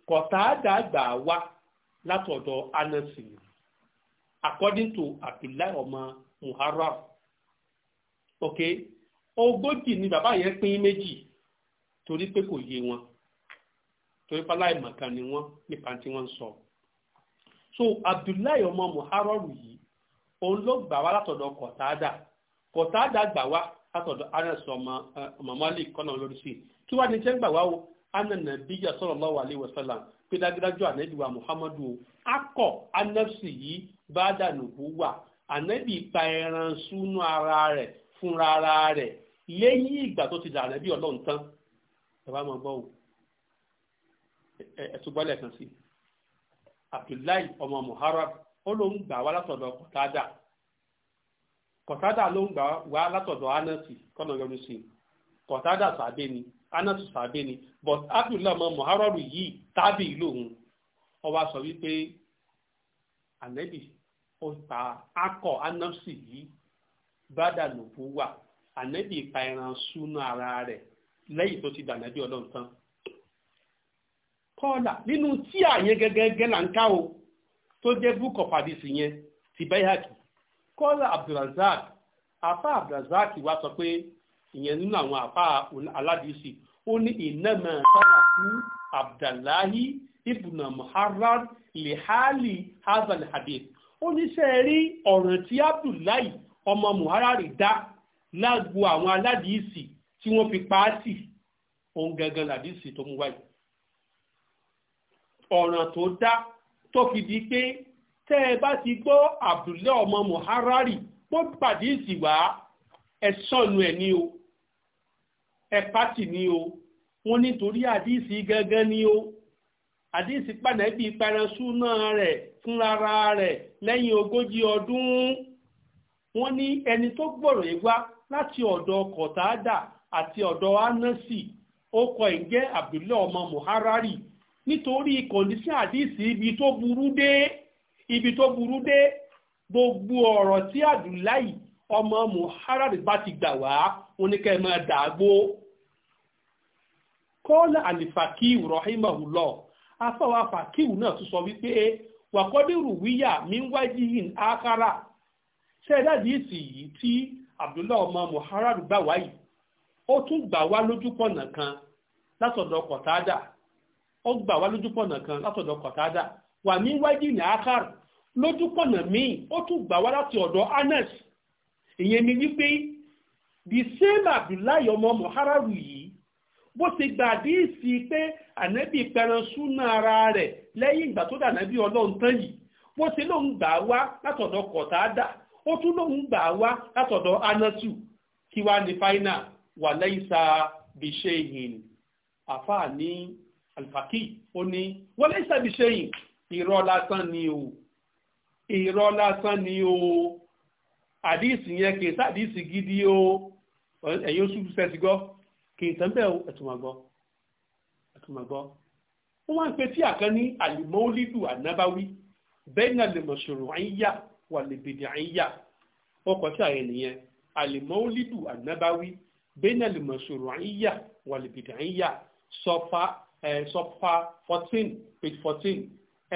kọ̀tà dàgbà wá látọ̀dọ̀ anẹ́sùn according to àpìlẹ̀ ọmọ muharram ok ogójì ni bàbá yẹn pín méjì torí pé kò yé wọn torí pé aláìmọ̀kan ni wọ́n nípa tí wọ́n ń sọ. So so abdullahi ọmọ muharọrù yìí òun ló gbà wá látọ̀dọ̀ kọ̀tádà kọ̀tádà gbà wá látọ̀dọ̀ anas ọmọ mọ̀mọ́lì kọ́nà lórí sí kí wá ní jẹ́ gbà wá o anana bíyà sallallahu alaihi wasallam pé dájúdájú ànábìwá muhammadu o akọ anafsi yìí bá dànù kú wà ànábì pa ẹran súnú ara rẹ̀ fúnra ara rẹ̀ lẹ́yìn ìgbà tó ti dà ànábì ọlọ́run ẹ bá mọ gbọ́ o ẹ ẹ tó gbọ́ lẹ́ẹ̀kan sí i. abdullahi ọmọ muharram ó ló ń gbà wá látọ̀dọ̀ kọ̀tádà kọ̀tádà ló ń gbà wá látọ̀dọ̀ anasi kọ́nà yọnu kọ̀tádà sàbẹ̀ ni anasi but abdullahi ọmọ muharram yìí tábì lòun sọ wípé ó akọ anasi yìí bàdà lòbú wà pa ẹran súnú ara tó kọ́ọ̀là nínú tí àyẹn gẹ́gẹ́gẹ́ là ń ká o tó jẹ́ book of hadith yẹn ti bayhaki kọ́ọ̀là abdulrazak afa abdulrazak wa sọ pé ìyẹn nínú àwọn afa aládìsí ó ní ìnáma sálàkú abdullahi ibùnà muharrar lihali hazal hadith ó ní sẹ́ẹ̀rí ọ̀ràn tí abdullahi ọmọ muharrar dá lágbo àwọn aládìsí tí wọ́n fi pa á sí òun gangan làdìsí tó mú wáyé ọ̀ràn tó dá tó fi di pé tẹ́ ẹ bá ti gbọ́ Abdullahi ọmọ Muharari tó pàdé ìsìwá ẹ sọnù ẹ ní o ẹ pàtì ní o wọ́n nítorí àdíìsì gángan ní o àdíìsì pàdánù ìparanṣú náà rẹ̀ fúnra rẹ̀ lẹ́yìn ogójì ọdún wọ́n ní ẹni tó gbọ́rọ̀ yìí láti ọ̀dọ̀ kọ̀tàdà àti ọ̀dọ̀ anasi ó kọ ìjẹ́ Abdullahi ọmọ Muharari nítorí kọ̀ǹdíṣẹ́ àdìsí ibi tó burú dé ibi tó burú dé gbogbo ọ̀rọ̀ tí àdùláì ọmọ muhammad bá ti gbà wá oníkẹ́ máa dàgbò kọ́lá àlìfàkíw rahimahullah afáwa fàkíw náà tún sọ wípé wàkọ́dírù wíyà mi ń wájú yìí ákárà ṣẹ́ẹ̀dá àdìsí yìí tí abdullahi ọmọ muhammad gbà wá ó tún gbà wá lójúpọ̀nà kan látọ̀dọ̀ kọ̀tádà ó gbà wá lójúpọ̀nà kan látọ̀dọ̀ kọ̀tádà wà ní wájú ní akar lójúpọ̀nà míì ó tún gbà wá láti ọ̀dọ̀ anas ìyẹn ní bíi the same abdullahi ọmọ muhararu yìí bó ti gba pé ànábì pẹran súnà ara tó tán yìí bó lóun gbà wá látọ̀dọ̀ kọ̀tádà ó tún lóun gbà wá látọ̀dọ̀ Alfaki ó ní wọlé ìṣàbí ṣẹ́yìn irọ́ lásán ni o irọ́ lásán ni o àdíìsì yẹn kì í sàdíìsì gidi o ẹ̀yin oṣù sẹ́sì gbọ́ kì í tán bẹ́ẹ̀ ẹ̀tùmọ̀ gbọ́ ẹ̀tùmọ̀ gbọ́ wọ́n máa ń pe tí àkàn ní àlùmọ́ọ́lídù ànábáwí bẹ́ẹ̀ náà lè mọ̀ṣòro àyíyá wà lè bèdè àyíyá ọkọ̀ tí àyẹ̀ nìyẹn àlùmọ́ọ́lídù ànábáwí bẹ́ẹ̀ náà lè mọ̀ṣòro àyíyá wà lè bèdè àyíyá sọfà sọfà fourteen page fourteen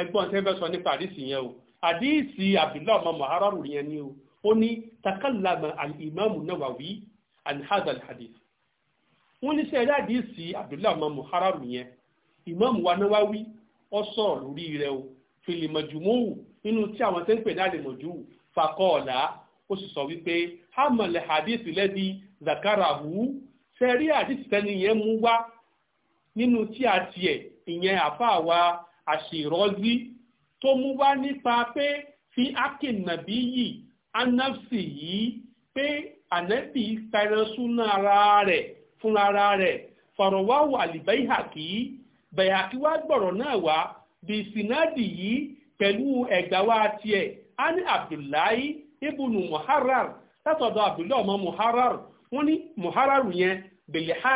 ẹgbọ́n tẹ́ fẹ́ sọ nípa àdìsí yẹn o àdìsí abdullahi ọmọ muhararu yẹn ni o ó ní takallama alimami nawawi alhazal hadith wọ́n ní sẹ́yìn àdìsí abdullahi ọmọ muhararu yẹn imam wa nawawi ó sọ̀rọ̀ lórí rẹ̀ o filimajumuhu nínú tí àwọn tẹ́ ń pè ní alimọ̀júwù fakọ́ọ̀lá ó sì sọ wípé hamal hadith lẹ́bi zakarahu sẹ́rí àdìsí tẹ́ni yẹn mú wá nínú tí a tiẹ̀ ìyẹn àfáà wa àṣìrọ́zí tó mú wá nípa pé fi ákìnàbí yìí anafsi yìí pé ànẹ́bì pẹrẹsúná ara rẹ̀ fúnra ara rẹ̀ fọ̀rọ̀wáwò àlìbẹ́yàkì bẹ̀yàkì wá gbọ̀rọ̀ náà wá bí sinadi yìí pẹ̀lú ẹ̀gbáwá tiẹ̀ ani abdullahi ibùnú muharrar látọ̀dọ̀ abdullahi ọmọ muharrar wọ́n ní muharrar yẹn bèlè ha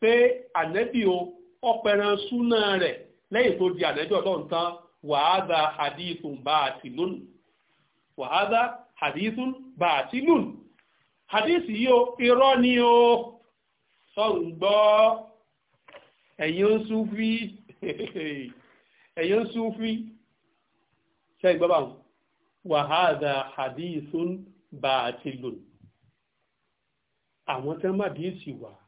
pé ànẹ́bì o ọpẹran súná rẹ̀ lẹ́yìn tó di ànẹ́bì ọlọ́run tán wàhádà hadithun baatilun wàhádà hadithun baatilun hadithi yìí o irọ́ ni o sọ̀rọ̀ gbọ́ ẹ̀yin súfí ẹ̀yin súfí ṣe ìgbọ́ báwọn wàhádà hadithun baatilun àwọn tẹ́ má dìísì wàá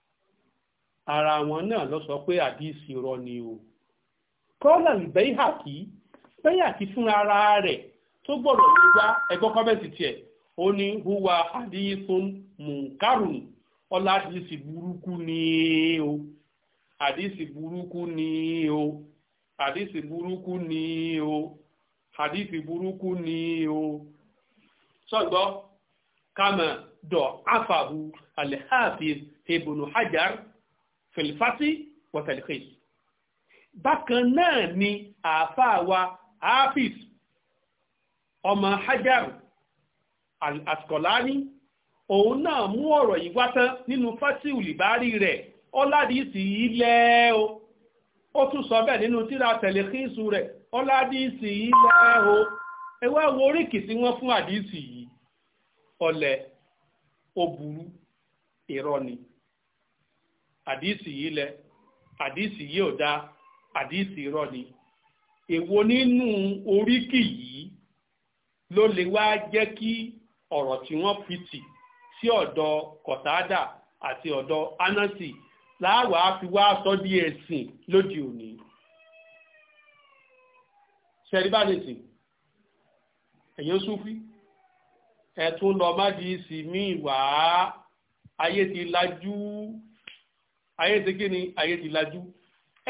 ara wọn náà lọ sọ pé àdìsí rọ ni o kọ́lá ìbẹ́yàkí bẹ́yàkí fúnra ara rẹ̀ tó gbọ́dọ̀ ló wá ẹgbọ́n kọ́mẹ́ǹtì tiẹ̀ ó ní huwa àdìsún munkarun ọlá àdìsí burúkú ni o àdìsí burúkú ni o àdìsí burúkú ni o àdìsí burúkú ni o sọgbọ́ kàmà dọ̀ afahu alhafiz ibn hajar fèlifásí wọ̀tẹ̀lẹ̀kẹ́sì bákan náà ni àáfàá wa hafiz ọmọ hajar al-askolani òun náà mú ọ̀rọ̀ yìí wá tán nínú fásitì olùbárí rẹ̀ ọ̀làdìsí ilẹ̀ o ó tún sọ bẹ́ẹ̀ nínú tíra tẹ̀lẹ́kìsù rẹ̀ ọ̀làdìsí ilẹ̀ o ẹ wá wo oríkì tí wọ́n fún àdìsí yìí ọ̀lẹ̀ ó burú irọ́ ni àdìsí yìí lẹ àdìsí yìí ò dáa àdìsí irọ́ ni èwo nínú oríkì yìí ló lè wá jẹ́ kí ọ̀rọ̀ tí wọ́n fi tì sí ọ̀dọ̀ kọ̀tádà àti ọ̀dọ̀ anasi láwàá fi wá sọ di ẹ̀sìn lóde òní sẹ̀ríbánìsì ẹ̀yin súfí ẹ̀tún lọ má di ìsìn míì wá ayé ti lajú ayé ti kí ni ayé ti lajú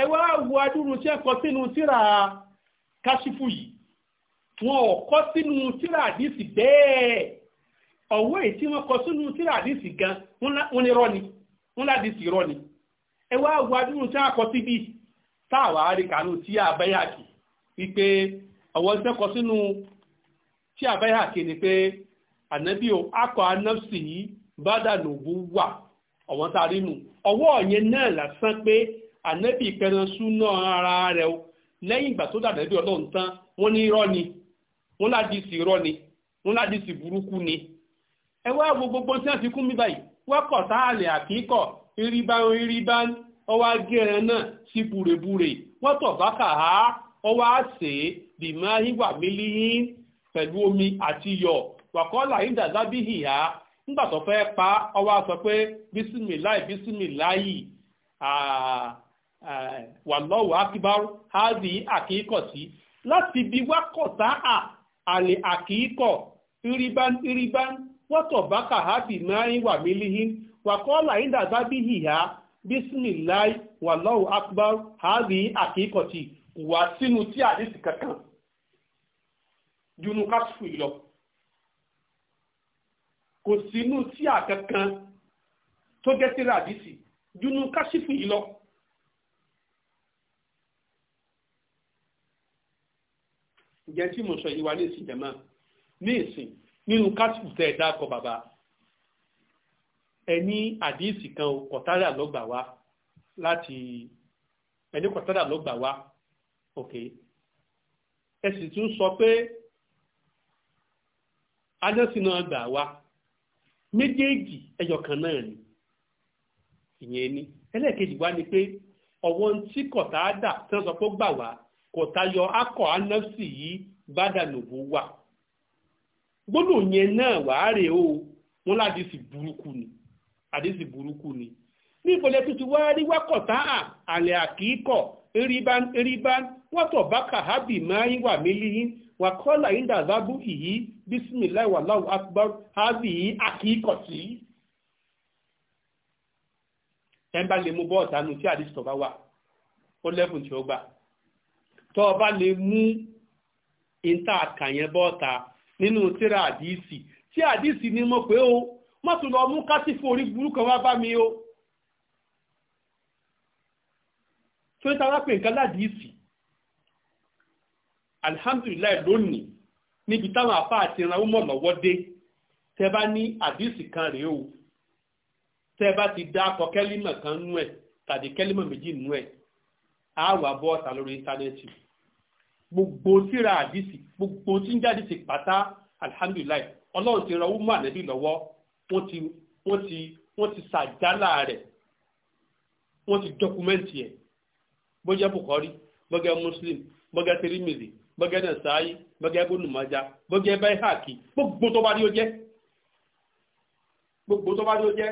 ẹ wá wo adúrú tí ẹ kọ sínú tíra káṣífù yìí wọn ò kọ sínú tíra àdìsí bẹ́ẹ̀ ọ̀wọ́ èyí tí wọ́n kọ sínú tíra àdìsí gan wọ́n ní rọ́ ni wọ́n ládìsí rọ́ ni ẹ wá wo adúrú tí a kọ síbi táwa àríkànú tí a bẹ́yà kì wípé ọ̀wọ́ tí wọ́n kọ sínú tí a ni pé ànábì akọ anáfsì yìí bá dànù wà ọ̀wọ́n tá a rí nù ọwọ́ yẹn náà lásán pé ànábì pẹran súná ara rẹ̀ o lẹ́yìn ìgbà tó dàbẹ̀ bí ọlọ́run tán wọ́n ní irọ́ ni wọ́n láti sì irọ́ ni wọ́n láti sì burúkú ni ẹ wá wo gbogbo tí wọ́n fi kún mi báyìí wọ́n kọ̀ sáàlẹ̀ àkíkọ̀ iríbá iríbá ọwọ́ agẹ́rẹ́ náà sí búrebúre wọ́n tọ̀ bákà á ọwọ́ àṣẹ bìmáhíwà mílíhìn pẹ̀lú omi àti yọ̀ wàkọ́là ìdàzábìhì á nígbà fẹ́ pa ó sọ pé bísímìláì bísímìláì wàlọ́wọ́ akíbárú háàdì àkíkọ̀ sí láti ibi wákọ̀tá à àlè àkíkọ̀ iribán iribán wọ́tọ̀ bá kàhábì máa ń wà mílíhín wàkọ́ọ̀là yín dàgbà bí hìhá bísímìláì wàlọ́wọ́ akíbárú háàdì àkíkọ̀ sí wà sínú tí àdìsí kankan junu kásùfù yìí lọ. kò sínú tí àkankan tó jẹ́ tírà àdìsí júnú káṣífù yìí lọ. ǹjẹ́ tí mo sọ yìí wá ní ìsìn jẹ̀mọ́ ní ìsìn nínú káṣífù tẹ́ ẹ dákọ̀ bàbá ẹni àdìsí kan kọ̀tàrà lọ́gbà wá láti ẹni kọ̀tàrà lọ́gbà wá ok ẹ sì tún sọ pé adẹ́sìn náà gbà wá. méjèèjì ẹyọkan náà ni ìyẹn ni ẹlẹ́ẹ̀kejì wá ni pé ọ̀wọ́ tí kọ̀tàádà tí wọ́n sọ pé ó gbà wá kọ̀tàyọ akọ̀ anọ́sì yìí bá dànùbù wà gbọ́dọ̀ yẹn náà wàá rè o wọn burúkú ni àdìsí burúkú ni ní ìpínlẹ̀ tuntun wá rí àlẹ́ àkíkọ̀ máa ń wà bisimilayi wàláwù akbar hábì akíkọ̀tì ẹ bá lè mú bọ́ọ̀tà nù tí àdìsí tọ́ba wà ó lẹ́bùn tí ó gbà tọ́ ọ bá lè mú ìta àkàyẹn bọ́ọ̀tà nínú tíra àdìsí tí àdìsí ni mo pé o má tún lọ mú kásìfò orí burúkú wá bá mi o. tó ń tara pé nǹkan ládìísì alhamdulilayi lónìí níbi táwọn àfa àti ìran ọmọ lọ́wọ́ dé tẹ bá ní àdísì kan rèé o tẹ bá ti dá akọ kẹlímọ̀ kan nú ẹ̀ tàbí kẹlímọ̀ méjì nú ẹ̀ á wà bọ́ ọ̀tà lórí íńtánẹ́ẹ̀tì gbogbo tíra àdísì gbogbo tí ń jáde sí pátá alihamdulilayi ọlọ́run ti ran ọmọ àlẹ́bí lọ́wọ́ wọ́n ti wọ́n rẹ̀ wọ́n ti dọ́kúmẹ́ǹtì ẹ̀ bọ́jẹ́ bukori bọ́jẹ́ muslim bọ́jẹ́ tirimidi bọ́jẹ́ nasayi gbogbo bónúmọ́já bọ́gẹ́ bẹ́ẹ̀ gbogbo tó bá rí ó jẹ́ gbogbo tó bá rí ó jẹ́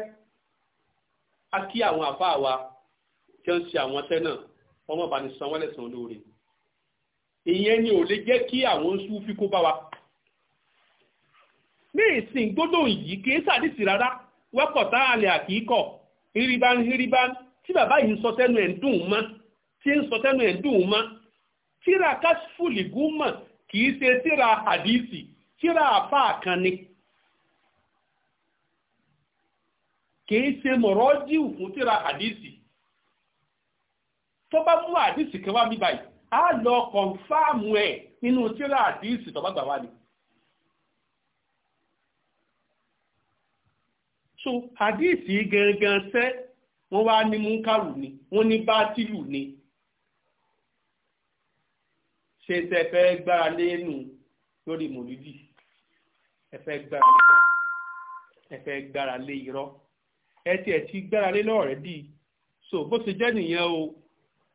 a kí àwọn àfáà wa tí ó ń ṣe àwọn tẹ́nà ọmọ bá ní san wọ́n lẹ́sàn olóore ìyẹn ni ò lè jẹ́ kí àwọn oṣù fi kó bá wa ní ìsìn yìí kì í sàdísì rárá wọ́pọ̀ tá tí bàbá yìí ń sọ ẹ̀ ń dùn mọ́ tí ń sọ ẹ̀ ń dùn mọ́ tíra lìgúmọ̀ kìí ṣe tíra hadisi tíra àfáà kan ni kìí ṣe mọ̀rọ̀ jíù fún tíra hadisi tó bá mú hadisi kan wá mi báyìí á lọ kọ̀nfáàmù ẹ̀ nínú tíra hadisi tó bá gbà wá ni. so hadisi gangan sẹ́ wọ́n wá ní múkàrù ni wọ́n ní bátìlù ni ṣe tẹ fẹ́ gbára léènù lórí mòlídì ẹ fẹ́ gbára ẹ fẹ́ gbára lé irọ́ ẹ tiẹ̀ ti gbára lé lọ́ọ̀rẹ́ dì so bó ṣe jẹ́ nìyẹn o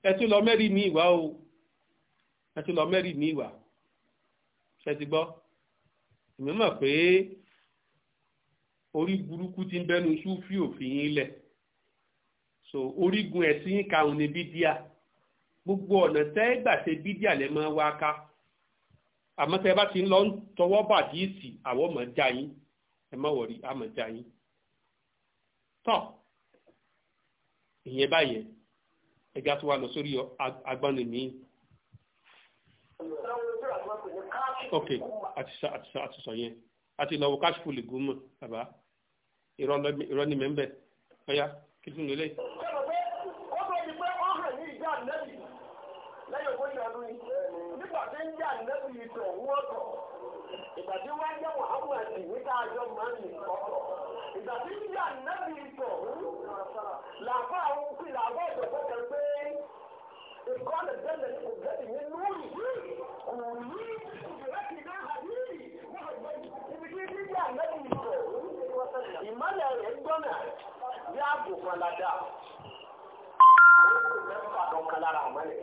ẹ tún lọ mẹ́rin ní ìwà o ẹ tún lọ mẹ́rin ní ìwà ṣe ti gbọ́ èmi mọ̀ pé orí burúkú ti ń bẹnu ṣú fí òfin yín lẹ̀ so orígun ẹ̀sìn kàrún ní bídíà gbogbo ọ̀nà tẹ́ gbà ṣe bídíà lẹ́ máa wá ká àmọ́ tẹ́ bá ti ń lọ tọwọ́ bàdí ìsì àwọn ọmọ já yín ẹ má wọ̀rí àmọ̀ já yín tọ́ ìyẹn báyẹn ẹja tó wà lọ sórí agbọ́nni mi. ok àti sọ yẹn àti lọ wọ káṣífù lè gún mọ̀ bàbá irọ́ ni mẹ́ńbẹ̀ ọ̀ya kí tún lélẹ̀. jẹ́ ànábì ìtọ̀ wọ́n tọ̀ ìgbà tí wọ́n jẹ́ muhammad níta àjọ máa ń nìkọ́ tọ̀ ìgbà tí jẹ́ ànábì ìtọ̀ làbá àwọn òkú làbá ìjọba kan pé ìkọ́lù tẹ́lẹ̀ ní kò gẹ́tì ní lórí kò ní ìrẹ́tì náà àdúrà ibi tí jẹ́ ànábì ìtọ̀ ìmọ̀lẹ̀ rẹ̀ gbọ́nà bí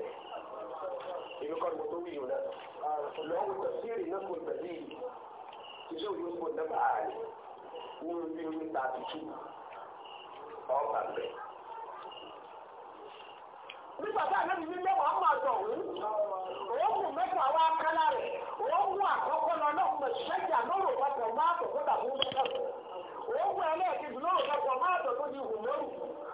ibi kan mo tó wí yòó náà ṣùgbọ́n mo tẹ̀síìrì náà kò tẹ̀lé yìí ilé òye kò dábà ààrẹ ní orí ní tàbí tù ọgbà bẹ̀. nígbà tá àlẹ́ mi ní mẹ́wàá máa dọ̀ ọ̀hún òun kù mẹ́fà wá kálá rẹ̀ òun kù àkọ́kọ́ lọ náà pẹ̀ ṣẹ́jà lóòrò papọ̀ máa tọ̀ fún tàbí mẹ́fà òun kù ẹlẹ́ẹ̀kejì lóòrò papọ̀ máa tọ̀ tó di hùmọ́rù.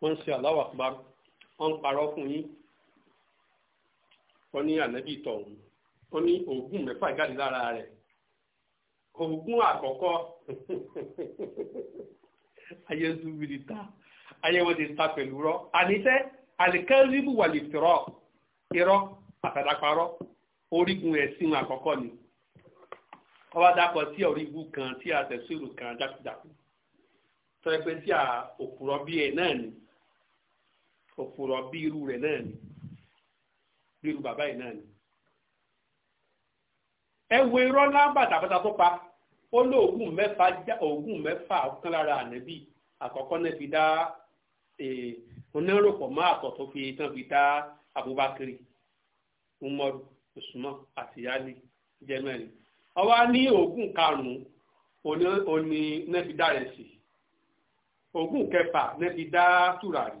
wọ́n ń ṣe Allahu Akbar wọ́n ń parọ́ fún yín wọ́n ní ànábì tọ̀hún wọ́n ní oògùn mẹ́fà jáde lára rẹ̀ oògùn àkọ́kọ́ <laughs> ayé ń súnmí ti ta ayé wọn ti ta pẹ̀lú rọ àníṣe àlìkẹ́rìbù wà lè tìrọ irọ́ àtàdàparọ́ orígun ẹ̀sìn àkọ́kọ́ ni ọba dapọ̀ sí orígun kan tí a tẹ̀síwò kan jákèjádò tọ́lẹ́pẹ́ tí a òpùrọ̀ bí ẹ̀ náà ni òfòrò bí irú rẹ̀ náà ni bí irú bàbá yìí náà ni. ẹ wo irọ́ lábàtàbàtà tó pa ó lé oògùn mẹ́fà oògùn mẹ́fà kan lára ànábì àkọ́kọ́ náà fi dá onírọ̀pọ̀ mọ́ àtọ̀ tó fi tán fi dá Abubakar Umaru Usman àti Ali jẹ́mẹ́rin ọwá ní oògùn karùn-ún òní náà fi dá rẹ̀ sí oògùn kẹfà náà fi dá tùràrí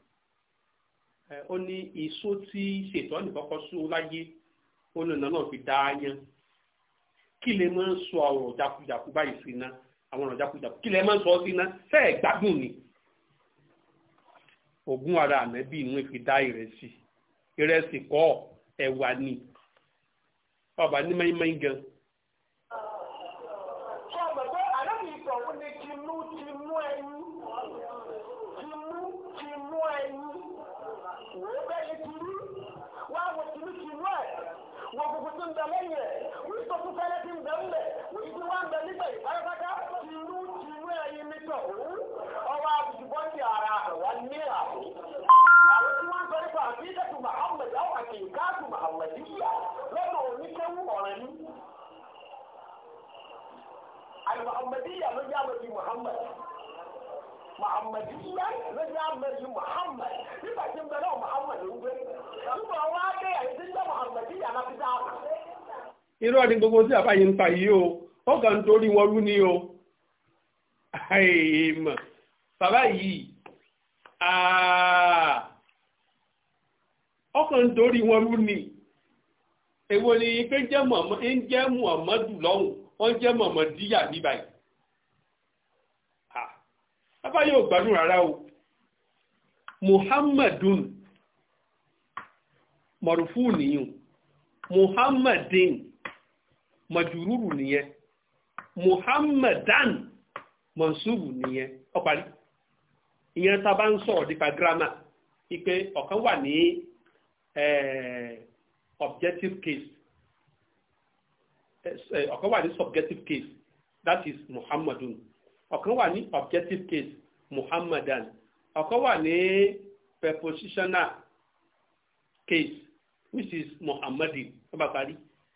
ó ní iṣó tí ṣètọ́nì kọ́kọ́ sú láyé ó náà fi dá yán kí lè máa sọ àwọn ọ̀rọ̀ jákujàku báyìí sí iná àwọn ọ̀rọ̀ jákujàku kí lè máa ń sí iná fẹ́ẹ̀ gbádùn ni ara ànábì inú fi dá ìrẹsì ìrẹsì kọ́ ẹ̀wà ọba ní mẹ́yìnmẹ́yìn pátápátá tìrú tìrú ẹyin mítọ̀ òun ọwọ́ àbùjùbọ́ ti ara àwa ní àbò. àwọn tí wọ́n ń sọ nípa àti ìdẹ́tù mahammed àwọn àti ìkáàtù mahammed yíyá lọ́nà oníkéwù ọ̀rẹ́ ní. àlùmọ̀hàmẹ́díyà ló jẹ́ àmọ̀dí muhammed. Muhammadiyya ló jẹ́ àmọ̀dí Muhammad nígbà tí ń bẹ náà Muhammad ń gbé. Nígbà wá dé àyè tí ń jẹ́ Muhammadiyya náà fi dáa. Irú ọdún gbogbo tí àbáyé ń pa yìí o. ọ ga torí wọn ni o àìmọ̀ yi yìí ọkàn ń wọn ni èwo ni njem jẹ́ mọ̀mọ́ njem jẹ́ mọ̀mọ́dù lọ́hùn ó ń jẹ́ mọ̀mọ́díyà ní yóò gbádùn rárá o muhammadun nìyẹn muhammadin muhammadan mansubu nìyẹn ọparí ìyẹn tá a bá ń sọ̀rọ̀ nípa ipe ọ̀kan wà ní objective case ọ̀kan wà ní subjective case that is muhammadun ọ̀kan wà ní objective case muhammadan ọ̀kan wà ní prepositional case which is muhammadin ọba parí.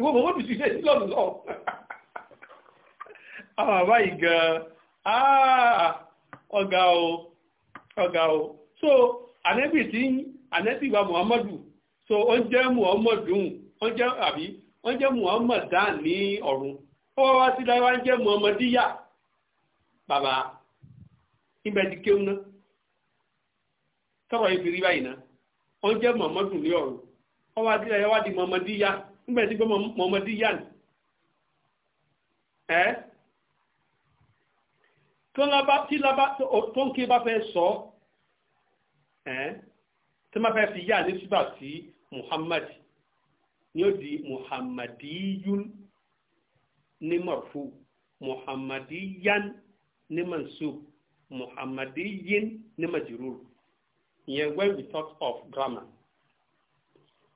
ìwọ mọ̀mọ́ bìtì ṣe sí lọ́nà lọ. àwọn àbá yìí gan-an ah, ọ̀gá o ọ̀gá o so ànẹ́bì tí ànẹ́bì wa muhammadu so ó ń jẹ́ muhammadu ó ń jẹ́ àbí ó ń jẹ́ muhammadan ní ọ̀run o wa wá sí láyé wá ń muhammadiya bàbá ibẹ̀ ti kéwọn náà tọrọ ibi rí báyìí náà ó ń jẹ́ muhammadu ní ọ̀run di muhammadiya. nígbà tí gbọ́ mọ̀mọ́díyàn ẹ́ tó ń kí bá fẹ́ sọ ẹ́ tó má fẹ́ fi yà ní sígbà tí Muhammad ni ó di Muhammadiyun ní marfu Muhammadiyan ní mansub Muhammadiyin ní majrur ìyẹn when we talk of grammar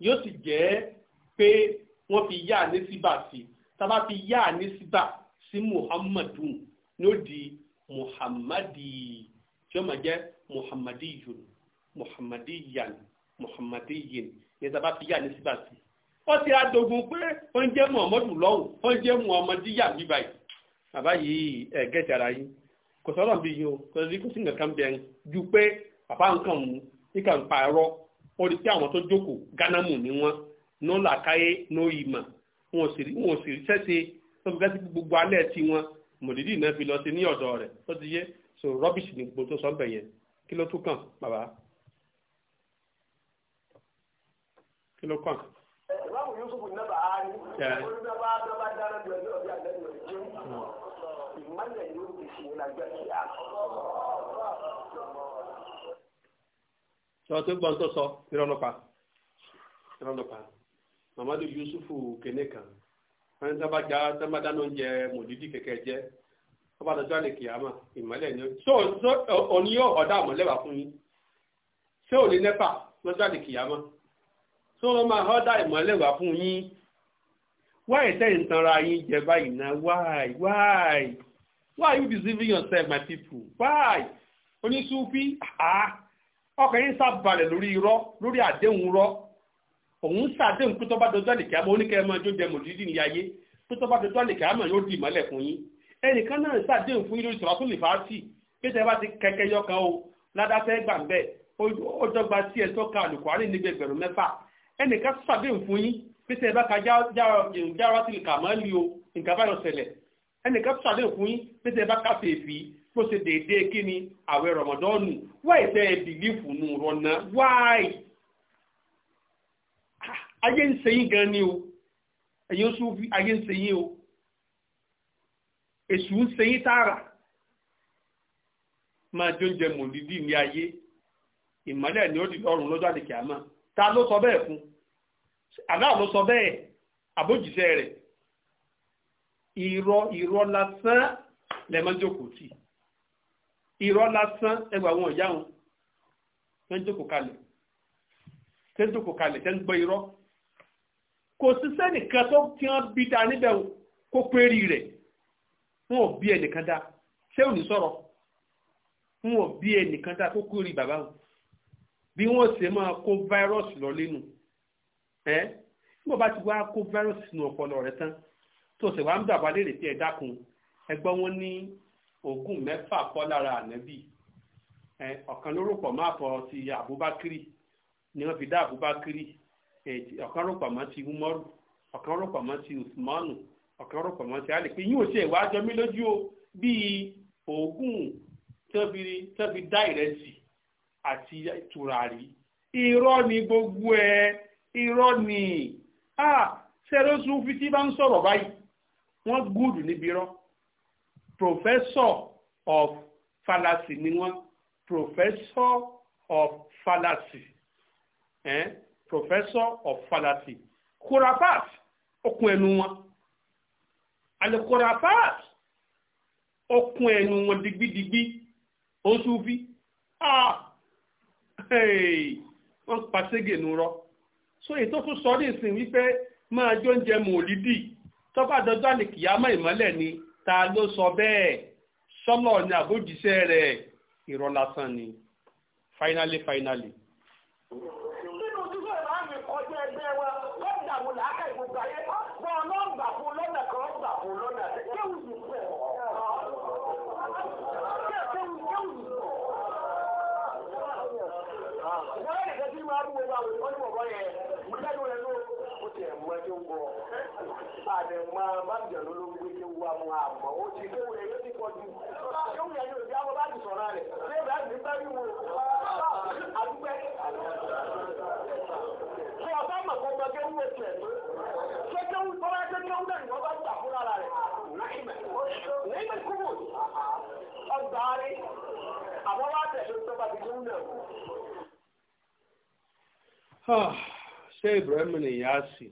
yóò sì jẹ́ pé wọ́n fi yá ní síbà sí tábà fi yá ní síbà sí muhammadu ní ó di muhammadi tí ó máa jẹ́ muhammadiyun muhammadiyan muhammadiyin ní tábà fi yá ní síbà sí wọ́n ti adogun pé wọ́n jẹ́ muhammadu lọ́hùn wọ́n jẹ́ muhammadiyan bíbá yìí bàbá yìí ẹ̀ gẹ̀ẹ́sì ara yìí kò sọ̀rọ̀ bí yìí o kò sí kò sí nǹkan bẹ̀ ju pé bàbá nǹkan mú nǹkan pààrọ̀ ó di pé àwọn tó jókòó gánámù ni wọ́n no làkàyè no ìmọ̀ wọn ò sì wọn ò sì ríṣẹ́ ṣe tó fi gẹ́sí gbogbo alẹ́ tí wọn mòlídì náà fi lọ sí ní ọ̀dọ̀ rẹ̀ tó ti yé so rubbish ni gbogbo tó sọ ń bẹ̀ yẹn kí ló tún kàn bàbá kí ló kàn. sọ tó gbọ́n tó sọ ìrọ̀lọ́pàá ìrọ̀lọ́pàá mamadu yusufu kene kan wọn sábà já sábà dáná oúnjẹ mòlídì kẹkẹ jẹ wọn bá dọjọ àlè kìámà ìmọ́lẹ̀ ni so so òní yóò ọdá àmọlẹwà fún yín ṣé òní nẹpà lọ́jọ́ àlè kìámà so wọn máa ọdá ìmọ́lẹ̀wà fún yín wáyé sẹ́yìn tanra yín jẹ báyìí náà why why why you deceiving yourself my people why oníṣúfì ọkàn yín sábàlẹ̀ lórí irọ́ lórí àdéhùn irọ́ òun sàdé nǹkú tó bá dojú àlèkè àmọ́ oníkẹ́ ẹ̀mọ́ ẹjọ́ jẹ mòlídìí ní ayé tó tó bá dojú àlèkè àmọ́ yóò di ìmọ́lẹ̀ fún yín ẹnìkan náà sàdé nǹkú yín lórí sọ̀rọ̀ tó lè fà á sí pé tẹ́ bá ti kẹ́kẹ́ yọ kan o ládàfẹ́ gbà ń bẹ̀ ó dọ́gba sí ẹ̀ tọ́ka àlùkùránì níbi ẹgbẹ̀rún mẹ́fà ẹnìkan sàdé nǹkú yín pé tẹ́ bá ka ayé ń sẹ́yìn gan ni o ẹ̀yin oṣù fi ayé ń sẹ́yìn o èṣù ń sẹ́yìn tààrà máa jó ń jẹ mòlídìí ní ayé ìmọ́lẹ̀ ni ó di ọrùn lọ́jọ́ àdìkì àmọ́ ta ló sọ bẹ́ẹ̀ fún àlá ló sọ bẹ́ẹ̀ àbójìṣẹ́ rẹ̀ irọ́ irọ́ lásán lẹ́mọ́jókòó tì irọ́ lásán ẹgbà àwọn ìyá wọn tẹ́ ń jókòó kalẹ̀ tẹ́ ń jókòó kalẹ̀ tẹ́ ń gbọ́ irọ́ kò sí sẹ́nìkan tó ti hàn bí da níbẹ̀ kó péri rẹ̀ wọn ò bí ẹnìkan dá ṣé ò ní sọ̀rọ̀ wọn ò bí ẹnìkan dá tó kórì bàbá wọn bí wọn ṣe máa kó fáírọ́ọ̀sì lọ lẹ́nu ẹ́ nígbà bá ti wá kó fáírọ́ọ̀sì sínú ọpọlọ rẹ tán tó ṣe wá ń dàbá léèrè pé ẹ dákun ẹgbọ́n wọn ní ogún mẹ́fà kọ́ lára ànábì ọ̀kan lórúkọ máa pọ̀ ti àbúbákírì ni wọ́n fi dá àbúbákírì ọ̀kan rọ̀pọ̀ mọ́ ti umaru ọ̀kan ti usmanu ọ̀kan ti ali pé yóò ṣe ìwà àjọmí lójú o bíi oògùn tẹ́bi dá ìrẹsì àti tùràrí irọ́ ni gbogbo ẹ̀ irọ́ ni ṣẹ́rọ́sùn fi tí bá ń sọ̀rọ̀ báyìí wọ́n gúdù níbi irọ́ professor of fallacy ni wọ́n professor of fallacy. Eh? professor of fallacy kurafat okun ẹnu wọn àlè kurafat okun ẹnu wọn digbidigbi oṣufi ah hey wọn pàṣẹgẹ nu rọ so èyí tó tún sọ ní ìsìn wípé máa jó oúnjẹ mòlídì tọ́ba dọjọ́ àlèkìyàmọ́ ìmọ́lẹ̀ ni ta ló sọ bẹ́ẹ̀ sọ́lọ̀ ni àbójíṣẹ́ rẹ̀ irọ́ ni finally finally. kò lọ́nà àti kéwù yìí pọ̀ kéwù kéwù yìí pọ̀. wọ́n lè kẹ́kí máa rú àkọ́gbà kí wọ́n tiẹ̀ tó. Ṣé kí wọ́n tọ́lá Ibrahim nìyá sí?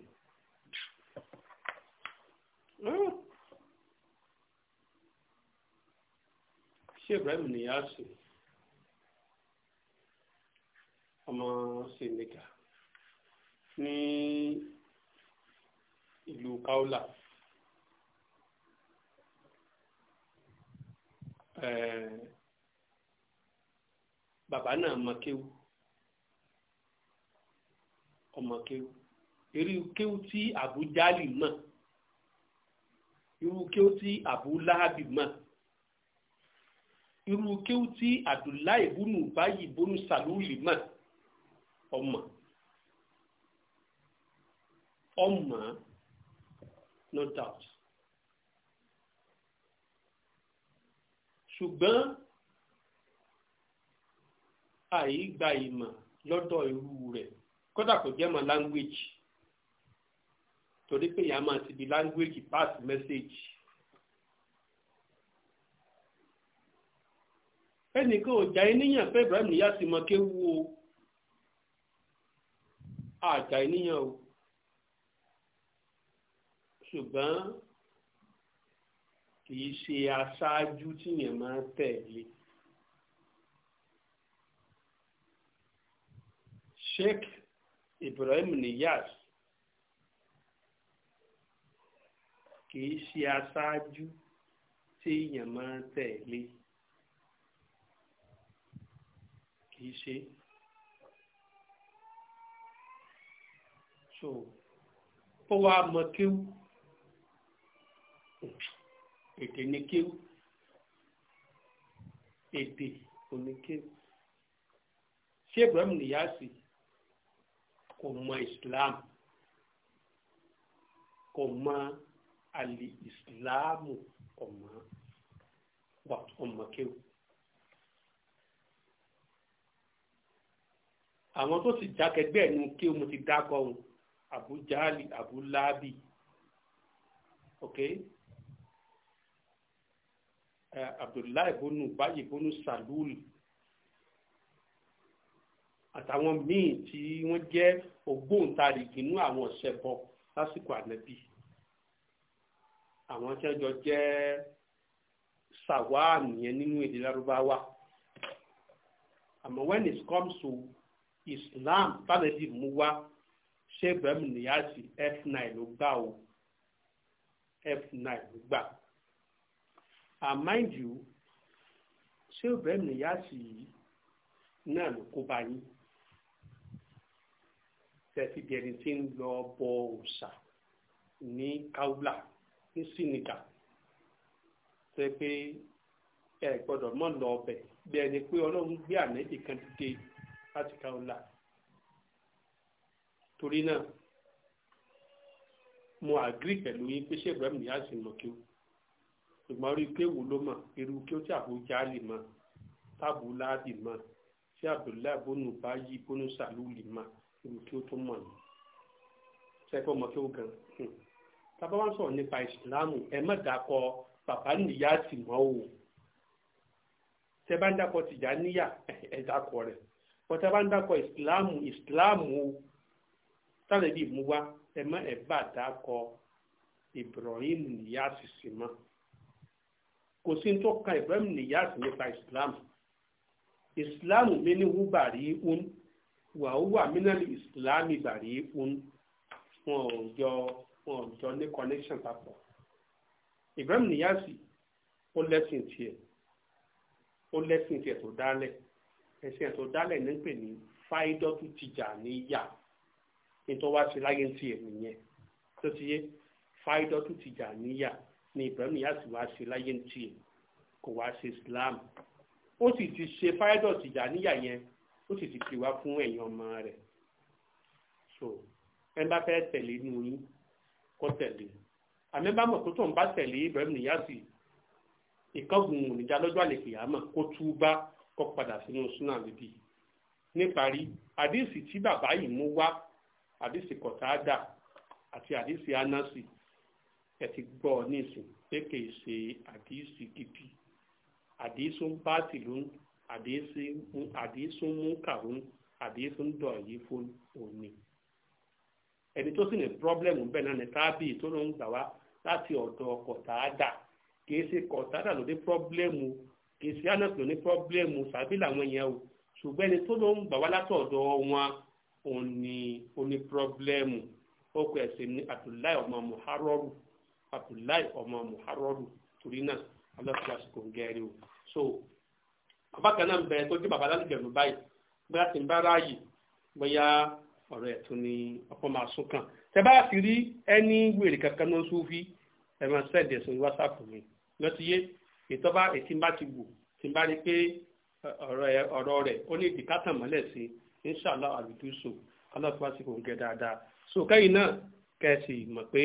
Ṣé Ibrahim nìyá hmm? sí? Ọmọ Sìnìkà ní ìlú kaula eh, bàbá náà mọ kéwú ọmọ kéwú irú kéwú tí àbújálì mọ irú kéwú tí àbúláhàbì mọ irú kéwú tí àdùláì búnú báyìí búnú sàlúùlì mọ ọmọ. Ummah, no doubt. ṣùgbọ́n àìgbà ìmọ̀ lọ́dọ̀ irú rẹ̀ kódà kò jẹ́ mọ́ language torí pé ìyá máa ti di language pass message. ẹnìkan ò jà ènìyàn pé Ibrahim níyà sì mọ kéwu o àjà o. ṣùgbọ́n kì í ṣe aṣáájú tíyẹn máa ń tẹ̀lé. Sheikh Ibrahim Niyas kì í ṣe aṣáájú téèyàn máa ń tẹ̀lé kì í ṣe. so ó wá mọ kéwú èdè ní kéwù èdè òní kéwù ṣé Ibrahim Niyasi kò mọ Islam kò mọ àlè Ìsìláàmù kò mọ ọmọ kéwù. àwọn tó sì jákẹgbẹ́ ẹ̀nu kí mo ti dákọ̀ ọ̀hún Abu Jahali Abu ok Eh, abdullahi bonu bayi bonu salul àtàwọn míì tí wọ́n jẹ́ ògbóǹtarìgì nínú àwọn ọ̀sẹ̀bọ lásìkò ànábì àwọn tí wọ́n jọ jẹ́ sàwáàmù yẹn nínú èdè lárúbáwá àmọ́ when it comes to Islam tánàbì mú wá ṣé ibrahim niyasi f9 ló gbà o f9 ló gbà o and ah, mind you ṣé Ibrahim Niyasi yìí náà ló kó bá yín tẹ̀sí di ẹni tí ń lọ bọ òòṣà ní kaula ní sinigá tẹ́ pé ẹ gbọ́dọ̀ mọ̀ lọ ọbẹ̀ bí ẹni pé ọlọ́run gbé ànẹ́bì kan dìde láti kaula torí náà mo àgírí pẹ̀lú yín pé ṣé Ibrahim Niyasi mọ̀ kí o ṣùgbọ́n orí kéwù ló mọ̀ irú kí ó ti àbújá lè mọ̀ tábù láàbì mọ̀ tí abdullahi bónú bá yí bónú sàlúùlì mọ̀ irú kí ó tó mọ̀ ní. sẹ́kọ̀ mọ̀ kéwù gan. Hmm. tábà wá ń sọ̀rọ̀ nípa ìsìláàmù ẹ má dàkọ bàbá nìyá tì mọ́ o. tẹ́ bá ń dàkọ tìjà níyà ẹ dàkọ rẹ̀ wọ́n tẹ́ bá ń dàkọ ìsìláàmù ìsìláàmù o tálẹ̀ bí mú wá ẹ má ẹ bá dàkọ Ibrahim nìyá sì sì mọ́ kò sí tó ka Ibrahim Niyas nípa Islam Islam mi ní wú bàrí un wàhùwà mínàlì Islam bàrí un wọn ò jọ wọn ò jọ ní connection papọ̀ Ibrahim Niyas ó lẹ́sìn tiẹ̀ ó lẹ́sìn tiẹ̀ tó dálẹ̀ ẹ̀sìn ẹ̀ tó dálẹ̀ ní pè ní fáídọ́tù tìjà níyà nítorí wá sí láyé tiẹ̀ nìyẹn tó ti yé fáídọ́tù tìjà níyà ni Ibrahim Niasse wá ṣe láyé ní tiẹ̀ kò wá ṣe Islam ó sì ti ṣe fáyọ́dọ̀tì ìjà níyà yẹn ó sì ti pè wá fún ẹ̀yàn ọmọ rẹ̀ so ẹ bá fẹ́ tẹ̀lé inú yín kó tẹ̀lé àmì bá mọ̀ tó tó ń bá tẹ̀lé Ibrahim Niasse ìkángun ònìjà lọ́jọ́ àlèkè àmọ́ kó túbá kó padà sínú súnà níbí níparí àdìsí tí bàbá yìí mú wá àdìsí kọ̀tàádà àti àdìsí anásì ẹ ti gbọ́ ọ nísìn pé kìí ṣe àdìsí gidi àdìsí ń bá tìlú àdìsí ń mú kàrún àdìsí ń dọ̀ yìí fún òní ẹni tó sì ní pírọ́blẹ́mù bẹ́ẹ̀ náà ní tábì tó ló ń gbà wá láti ọ̀dọ̀ kọ̀tàádà kìí ṣe kọ̀tàádà ló ní pírọ́blẹ́mù kìí ṣe àná ló ní pírọ́blẹ́mù sàbí làwọn yẹn o ṣùgbọ́n ẹni tó ló ń gbà wá látọ̀dọ̀ wọn òní oní pírọ́blẹ́mù ó kọ ẹ̀sìn ní Abdullahi ọmọ Muharram abdullahi ọmọ muharraru torí náà aláṣẹ àsìkò ń gẹ́rẹ́ o so abákan náà ń bẹ tó jẹ́ bàbá lálùjẹ̀nu báyìí bóyá ti ń bá ráàyè bóyá ọ̀rọ̀ ẹ̀ tún ni ọkọ̀ máa sún kàn tẹ bá sì rí ẹni wèrè kankan ló ń súnfí ẹ máa sẹ́ẹ̀dì ẹ̀sùn wásaàpù mi lọ́tí yé ìtọ́ba ètí bá ti wù tí bá rí pé ọ̀rọ̀ rẹ̀ ó ní ìdíkátàn mọ́lẹ̀ sí inṣàlá àlùdúsù aláṣẹ àsìkò ń gẹ dáadáa so kẹ́yìn náà kẹ́ ẹ sì mọ̀ pé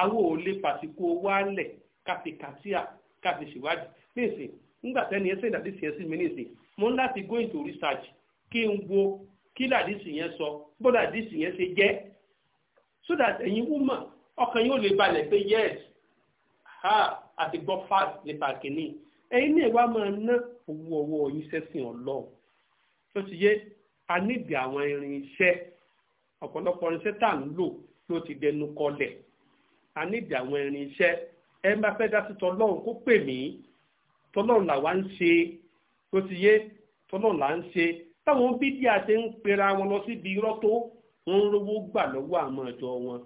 àwọn ò lè pàtìkó wálẹ̀ kàtìkàtìà kàtì ṣèwádìí nísìn nígbà tẹ́ni ẹsẹ̀ ìdàdísì ẹ̀sìn mi nísìn mo ń láti go into research kí n wo kí làdísì yẹn sọ bó làdísì yẹn ṣe jẹ́ so that ẹ̀yin woman ọkàn yóò lè balẹ̀ pé yes ha àti gbọ́ fast nípa kìíní ẹ̀yin náà wá máa ná owó ọwọ́ yín sẹ́sìn ọlọ́run tó ti yé a nídìí àwọn irinṣẹ́ ọ̀pọ̀lọpọ̀ irinṣẹ́ tá à ń lò ló ti dẹnu kọlẹ̀ a nídìí àwọn irin iṣẹ́ ẹ má fẹ́ dá sí tọlọ́run kó pè mí tọlọ́run làwa ń ṣe tó ti yé tọlọ́run là ń ṣe táwọn bídí àti ń pera wọn lọ síbi irọ́ tó ń rówó gbà lọ́wọ́ àmọ́ ọjọ́ wọn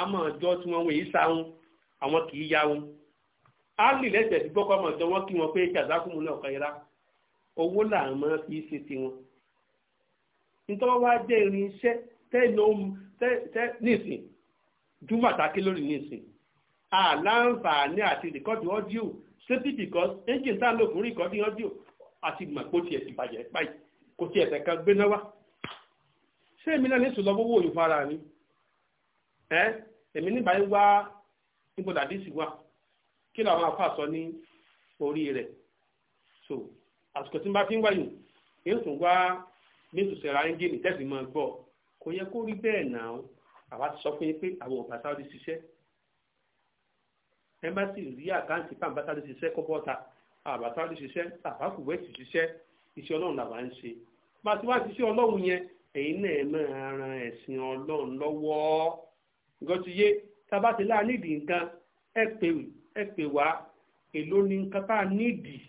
àmọ́ ọjọ́ tí wọ́n wòye sáwọn àwọn kì í yá wọn á lè lẹ́sẹ̀ bí gbọ́kọ́ àmọ́ ọjọ́ wọn kí wọn pé jàdákùnmù náà kọ́ ira owó làwọn máa fi ṣe tiwọn nítorí wá jẹ́ irinṣẹ́ tẹ́ ní ìsìn júmọ̀tàkì lórí nísìn àlàǹfààní àti rìkọ́dì ọ́díò simply because engine tá a lò fún rìkọ́dì ọ́díò àti ìgbìmọ̀ kó tiẹ̀ ti bàjẹ́ báyìí kò tiẹ̀ fẹ́ kan gbéná wá. ṣé èmi náà ní sùn lọ́wọ́ òyìn fara mi ẹ́ èmi nígbà yín wá níbo dàbí sì wà kí làwọn afọ àsọ ní orí rẹ̀ so àsìkò tí n bá fi ń wáyò yóò tún wá ní ìtòsẹ̀ra engine tẹ̀sí mọ́ gbọ́ kò yẹ kó rí bẹ́ẹ̀ náà àwa ti sọ fún yín pé àwọn ọ̀bà sáwọ́dì ṣiṣẹ́ ẹmbásì rí àkáǹtì pàǹbá sáwọ́dì ṣiṣẹ́ kọ́bọ́ta àbá sáwọ́dì ṣiṣẹ́ àbá kùwẹ́ẹ̀tì ṣiṣẹ́ iṣẹ́ ọlọ́run làwa ń ṣe bá a ti wá ṣiṣẹ́ ọlọ́run yẹn èyí náà máa ran ẹ̀sìn ọlọ́run lọ́wọ́ gọ́tiyé tábà ti láà nídìí nǹkan ẹ pè wá èló ni nǹkan tá a nídìí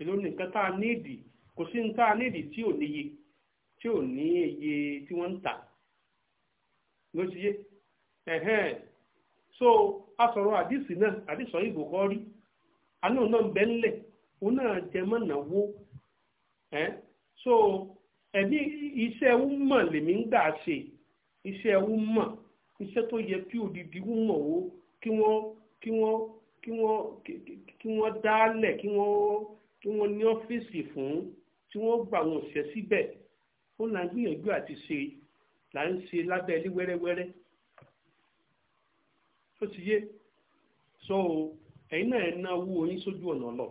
èló ni nǹkan tá a nídìí kò sí nǹkan tá a nídìí tí ò níye tí ò ní iye tí wọ́n ń tà ló ti so asọrọ àdìsí náà adịsọ ìbò kọ́ náà ń bẹ náà jẹ so ẹ̀mí iṣẹ́ lèmi ń gbà ṣe iṣẹ́ wúmọ̀ iṣẹ́ tó yẹ kí odidi wúmọ̀ wo kí wọn kí wọn kí wọn kí kí kí fún tí wọn gbà wọn ó na gbìyànjú àti là ń ṣe lábẹ́ wẹ́rẹ́wẹ́rẹ́ yé so ẹ̀yin náà ná owó yín sójú ọ̀nà lọ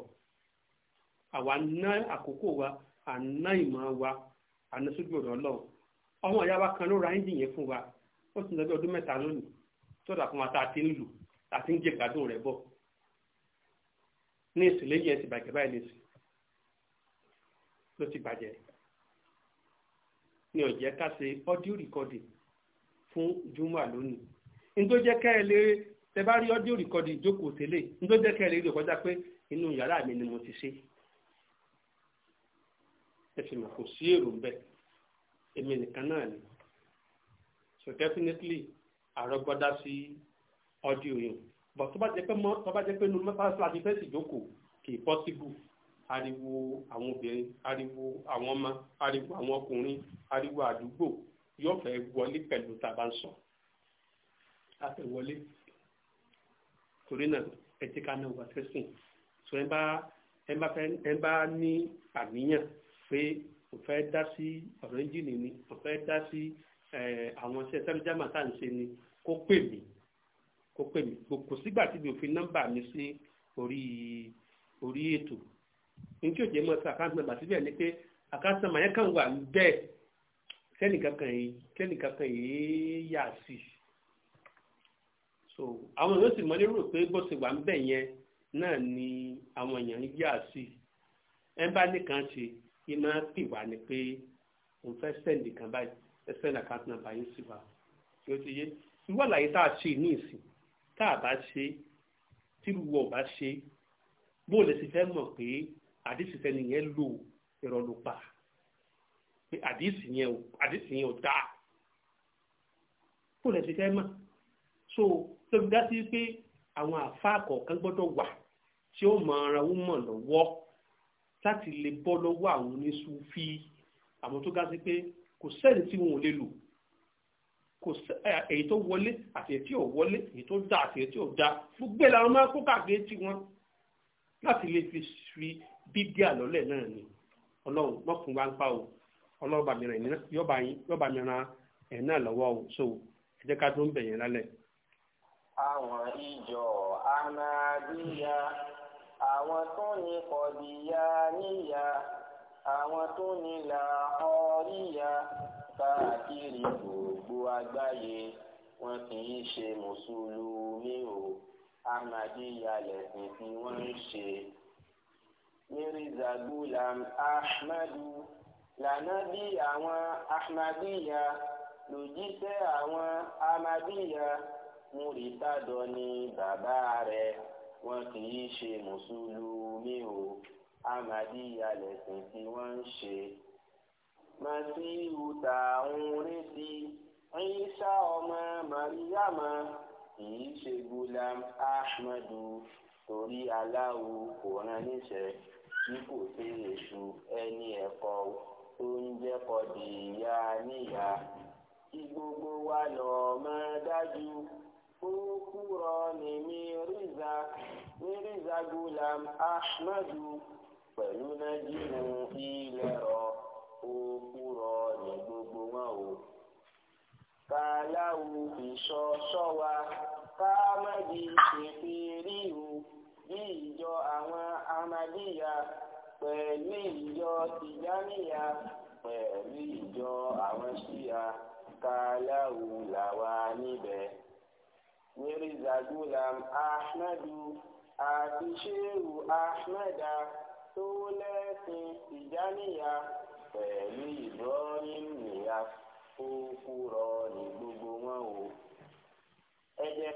àwa wa àná ìmọ̀ wa àná sójú ọ̀nà lọ ọmọ ìyá wa kan ló ra ẹ́ńjìn yẹn fún wa ó ọdụ ń ọdún mẹ́ta lónìí tọ́jà fún wa tá a ti ń lù tá a ti ń jẹ gbádùn rẹ̀ bọ̀ ní ni ó jẹ́ ká ṣe audio recording fún juma lónìí nítorí jẹ́ ká ẹ lè tẹ bá rí audio recording ìjókòó tẹ́lẹ̀ nítorí jẹ́ ká ẹ lè rí ọkọjá pé inú yàrá mi ni mo ti ṣe ẹ sì mọ̀ kò sí èrò ń bẹ èmi nìkan náà ni so definitely àrọ́gbọ́dá sí audio yìí bọ̀ tó bá jẹ́ pé inú mẹ́fà sí àti fẹ́ẹ́ sì jókòó kì í possible ariwo àwọn obìnrin ariwo àwọn ọmọ ariwo àwọn ọkùnrin ariwo àdúgbò yóò fẹ́ wọlé pẹ̀lú tá a bá ń sọ a fẹ́ wọlé torí náà ẹ ti ká náà wá sẹ́sìn so ẹ bá ẹ bá fẹ́ ẹ bá ní àníyàn pé mo fẹ́ dá sí ọ̀rọ̀ ẹ́ńjìnì ni mo fẹ́ dá sí àwọn iṣẹ́ sẹ́lújàmà tá à ń ṣe ni kó pè mí kó pè mí kò sígbà tí mi ò fi nọ́mbà mi sí orí orí ètò ní tí òjò mọ̀ sí àkáǹtì nọ́mbà síbẹ̀ ni pé àkáǹtì nọ́mbà yẹn kàn wà bẹ́ẹ̀ kẹ́nìkankan yìí kẹ́nìkankan yìí yà sí so àwọn èèyàn sì mọ lérò pé bó ṣe wà ń bẹ̀ yẹn náà ni àwọn èèyàn yà sí ẹ bá nìkan ṣe yìí máa pè wá ni pé òun fẹ́ sẹ́ǹdì kan báyìí ẹ sẹ́ǹdì àkáǹtì nọ́mbà yìí sí wa tí ó ti yé irú àlàyé tá a ṣe ní ìsìn tá a bá ṣe tírú wọ bá ṣe bó o lè ṣe fẹ́ mọ̀ pé àdìsí tẹni yẹn lò ẹ̀rọ ló pa pé àdìsí yẹn ò àdìsí yẹn ò dáa kó lẹ́sìn fẹ́ mọ̀ so tó fi dá sí pé àwọn àfáà kọ̀ọ̀kan gbọ́dọ̀ wà tí ó mọ ara wọn mọ̀ lọ́wọ́ láti lè bọ́ lọ́wọ́ àwọn oníṣúfí àwọn tó ga sí pé kò sẹ́ni tí wọn ò lè lò kò sẹ́ èyí tó wọlé àti èyí tí ò wọlé èyí tó dá àti èyí tí ò dá gbogbo ẹ̀ làwọn máa kó káàkiri tí wọn láti lè fi bídíà lọ́lẹ̀ náà ni ọlọ́run mọ́kùn wá ń pa o ọlọ́run bàmí ràn yọba mi ran ẹ̀ náà lọ́wọ́ o so ẹ jẹ́ ká tó ń bẹ̀yẹn lálẹ́. àwọn ìjọ ahmadiyya àwọn tó ní kọ̀díyà níyà àwọn tó ní làhọ́ríyà káàkiri gbogbo àgbáyé wọn kì í ṣe mùsùlùmí o ahmadiyya lẹ̀sìn tí wọ́n ń ṣe mirza gulam ahmadu lànábì àwọn ahmadiyya lòjíṣẹ́ àwọn ahmadiyya múritádọ ni bàbá rẹ̀ wọn kì í ṣe mùsùlùmí o ahmadiyya lẹ̀sìn tí wọ́n ń ṣe. masihu tá ń retí Ìsá ọmọ Màríyàmá kì í ṣe gulam ahmadu torí aláwo kò rán níṣẹ́ tí kò ṣe èṣù ẹni ẹ̀kọ́ tó ń jẹ́kọ̀ dì ìyá níyà kí gbogbo wa lọ mọ̀ dájú kúrọ̀ ní mírízà mírízà gulam ahmadu pẹ̀lú nájímù ilẹ̀ rọ̀ kúrọ̀ ní gbogbo wọn o kàláwù ìṣọ́ṣọ́ wa ká má di ṣèpèrè o bí ìjọ àwọn amadíyà pẹ̀lú ìjọ tìjáníyà pẹ̀lú ìjọ àwọn ṣíyà kàláwù làwà níbẹ̀. Mirza zagulam Ahmadu àti Shehu Ahmada tó lẹ́sìn tìjáníyà pẹ̀lú ìbọ́rin nìyà ó kúrọ ní gbogbo wọn o. Ẹ jẹ́